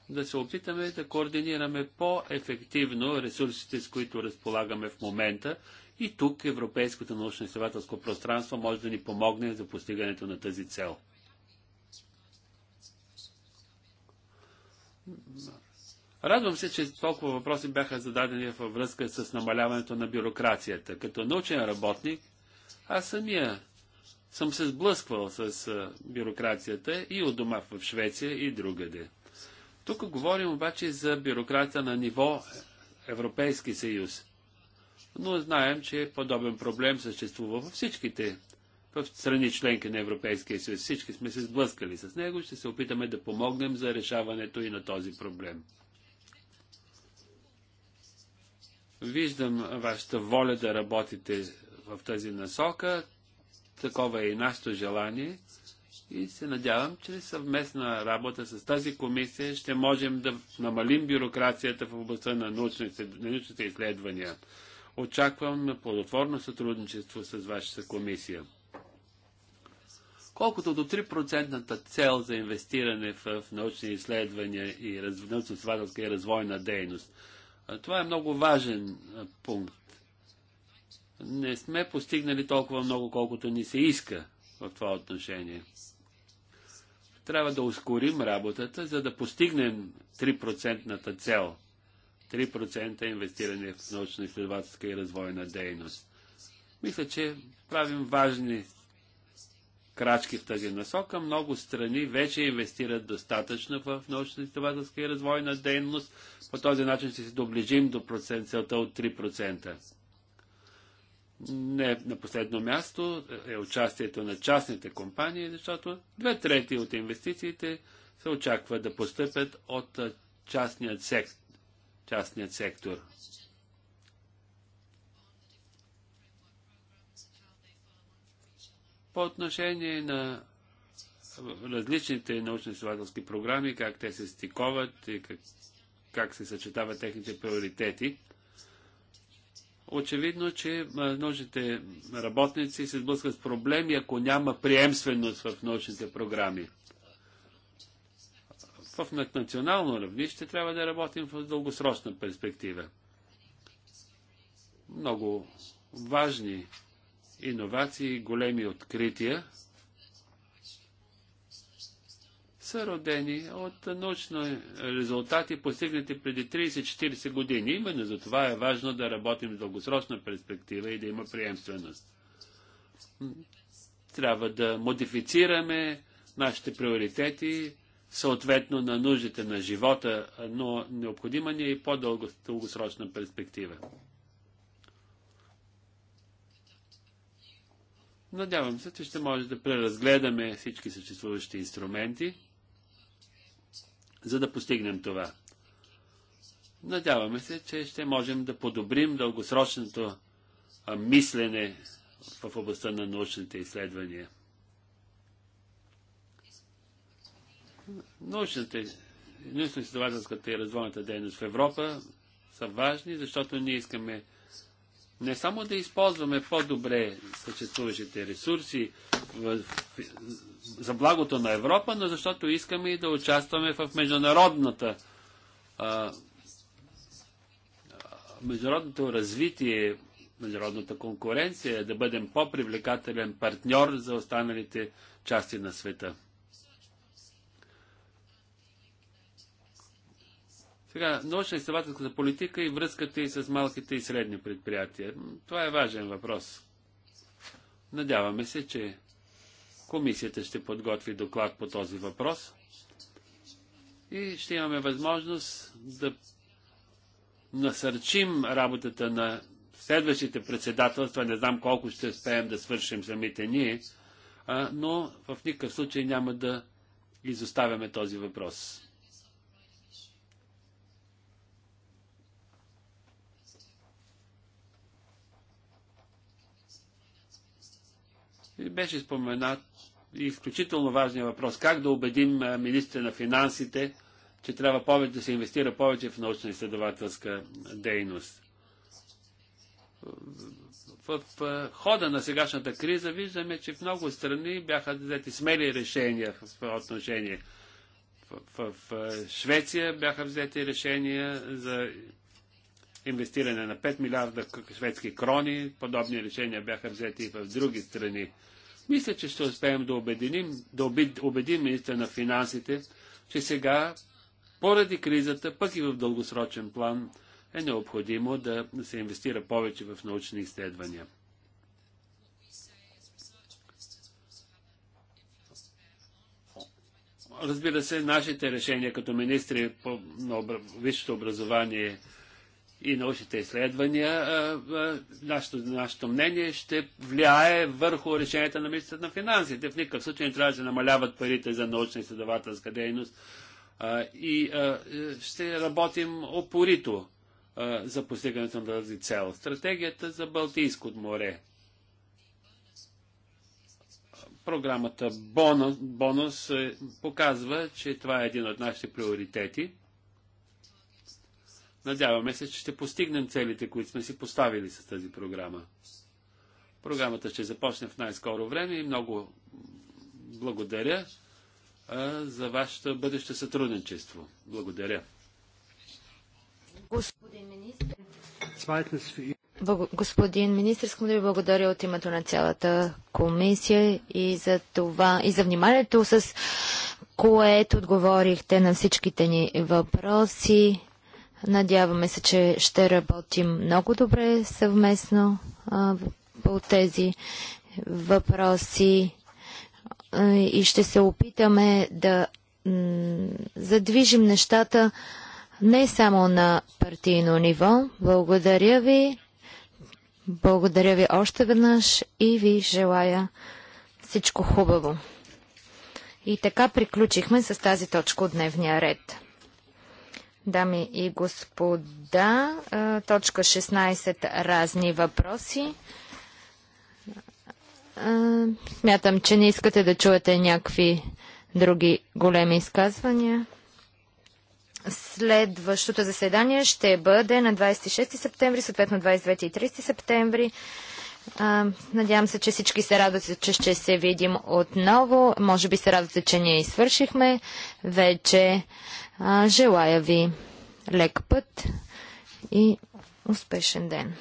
да се опитаме да координираме по-ефективно ресурсите, с които разполагаме в момента. И тук Европейското научно-изследователско пространство може да ни помогне за постигането на тази цел. Радвам се, че толкова въпроси бяха зададени във връзка с намаляването на бюрокрацията. Като научен работник, аз самия съм се сблъсквал с бюрокрацията и от дома в Швеция и другаде. Тук говорим обаче за бюрокрация на ниво Европейски съюз. Но знаем, че подобен проблем съществува във всичките в страни членки на Европейския съюз. Всички сме се сблъскали с него. Ще се опитаме да помогнем за решаването и на този проблем. Виждам вашата воля да работите в тази насока. Такова е и нашето желание. И се надявам, че съвместна работа с тази комисия ще можем да намалим бюрокрацията в областта на научните, на научните изследвания. Очаквам плодотворно сътрудничество с вашата комисия. Колкото до 3% цел за инвестиране в, в научни изследвания и раз, научно-изследователска и развойна дейност, това е много важен пункт. Не сме постигнали толкова много, колкото ни се иска в това отношение. Трябва да ускорим работата, за да постигнем 3% цел. 3% инвестиране в научно-изследователска и развойна дейност. Мисля, че правим важни крачки в тази насока. Много страни вече инвестират достатъчно в научно-изследователска и развойна дейност. По този начин ще се доближим до целта от 3%. Не на последно място е участието на частните компании, защото две трети от инвестициите се очаква да постъпят от частният, частният сектор. По отношение на различните научно-изследователски програми, как те се стиковат и как, как се съчетават техните приоритети. Очевидно, че научните работници се сблъскват с проблеми, ако няма приемственост в научните програми. В национално равнище трябва да работим в дългосрочна перспектива. Много важни иновации, големи открития са родени от научни резултати, постигнати преди 30-40 години. Именно за това е важно да работим с дългосрочна перспектива и да има приемственост. Трябва да модифицираме нашите приоритети съответно на нуждите на живота, но необходима ни е и по-дългосрочна перспектива. Надявам се, че ще може да преразгледаме всички съществуващи инструменти, за да постигнем това. Надяваме се, че ще можем да подобрим дългосрочното мислене в областта на научните изследвания. Научната, научно-изследователската и развойната дейност в Европа са важни, защото ние искаме не само да използваме по-добре съществуващите ресурси в, за благото на Европа, но защото искаме и да участваме в международната а, международното развитие, международната конкуренция, да бъдем по-привлекателен партньор за останалите части на света. Сега, научна изследователската политика и връзката и с малките и средни предприятия. Това е важен въпрос. Надяваме се, че комисията ще подготви доклад по този въпрос и ще имаме възможност да насърчим работата на следващите председателства. Не знам колко ще успеем да свършим самите ние, но в никакъв случай няма да изоставяме този въпрос. И беше споменат изключително важния въпрос. Как да убедим министра на финансите, че трябва повече да се инвестира повече в научно-изследователска дейност? В, хода на сегашната криза виждаме, че в много страни бяха взети смели решения в това отношение. в Швеция бяха взети решения за инвестиране на 5 милиарда шведски крони. Подобни решения бяха взети и в други страни. Мисля, че ще успеем да обединим, да убедим министра на финансите, че сега, поради кризата, пък и в дългосрочен план, е необходимо да се инвестира повече в научни изследвания. Разбира се, нашите решения като министри на висшето образование и научните изследвания, нашето, нашето мнение ще влияе върху решенията на министрите на финансите. В никакъв случай не трябва да се намаляват парите за научна и следователска дейност и ще работим опорито за постигането на тази цел. Стратегията за Балтийско море. Програмата бонус, бонус е, показва, че това е един от нашите приоритети – Надяваме се, че ще постигнем целите, които сме си поставили с тази програма. Програмата ще започне в най-скоро време и много благодаря а, за вашето бъдеще сътрудничество. Благодаря. Господин министр, Господин министр, искам да ви благодаря от името на цялата комисия и за това, и за вниманието, с което отговорихте на всичките ни въпроси. Надяваме се, че ще работим много добре съвместно по тези въпроси и ще се опитаме да задвижим нещата не само на партийно ниво. Благодаря ви. Благодаря ви още веднъж и ви желая всичко хубаво. И така приключихме с тази точка от дневния ред. Дами и господа, точка 16 разни въпроси. Смятам, че не искате да чуете някакви други големи изказвания. Следващото заседание ще бъде на 26 септември, съответно 29 и 30 септември. Надявам се, че всички се радват, че ще се видим отново. Може би се радват, че ние свършихме вече Желая ви лек път и успешен ден!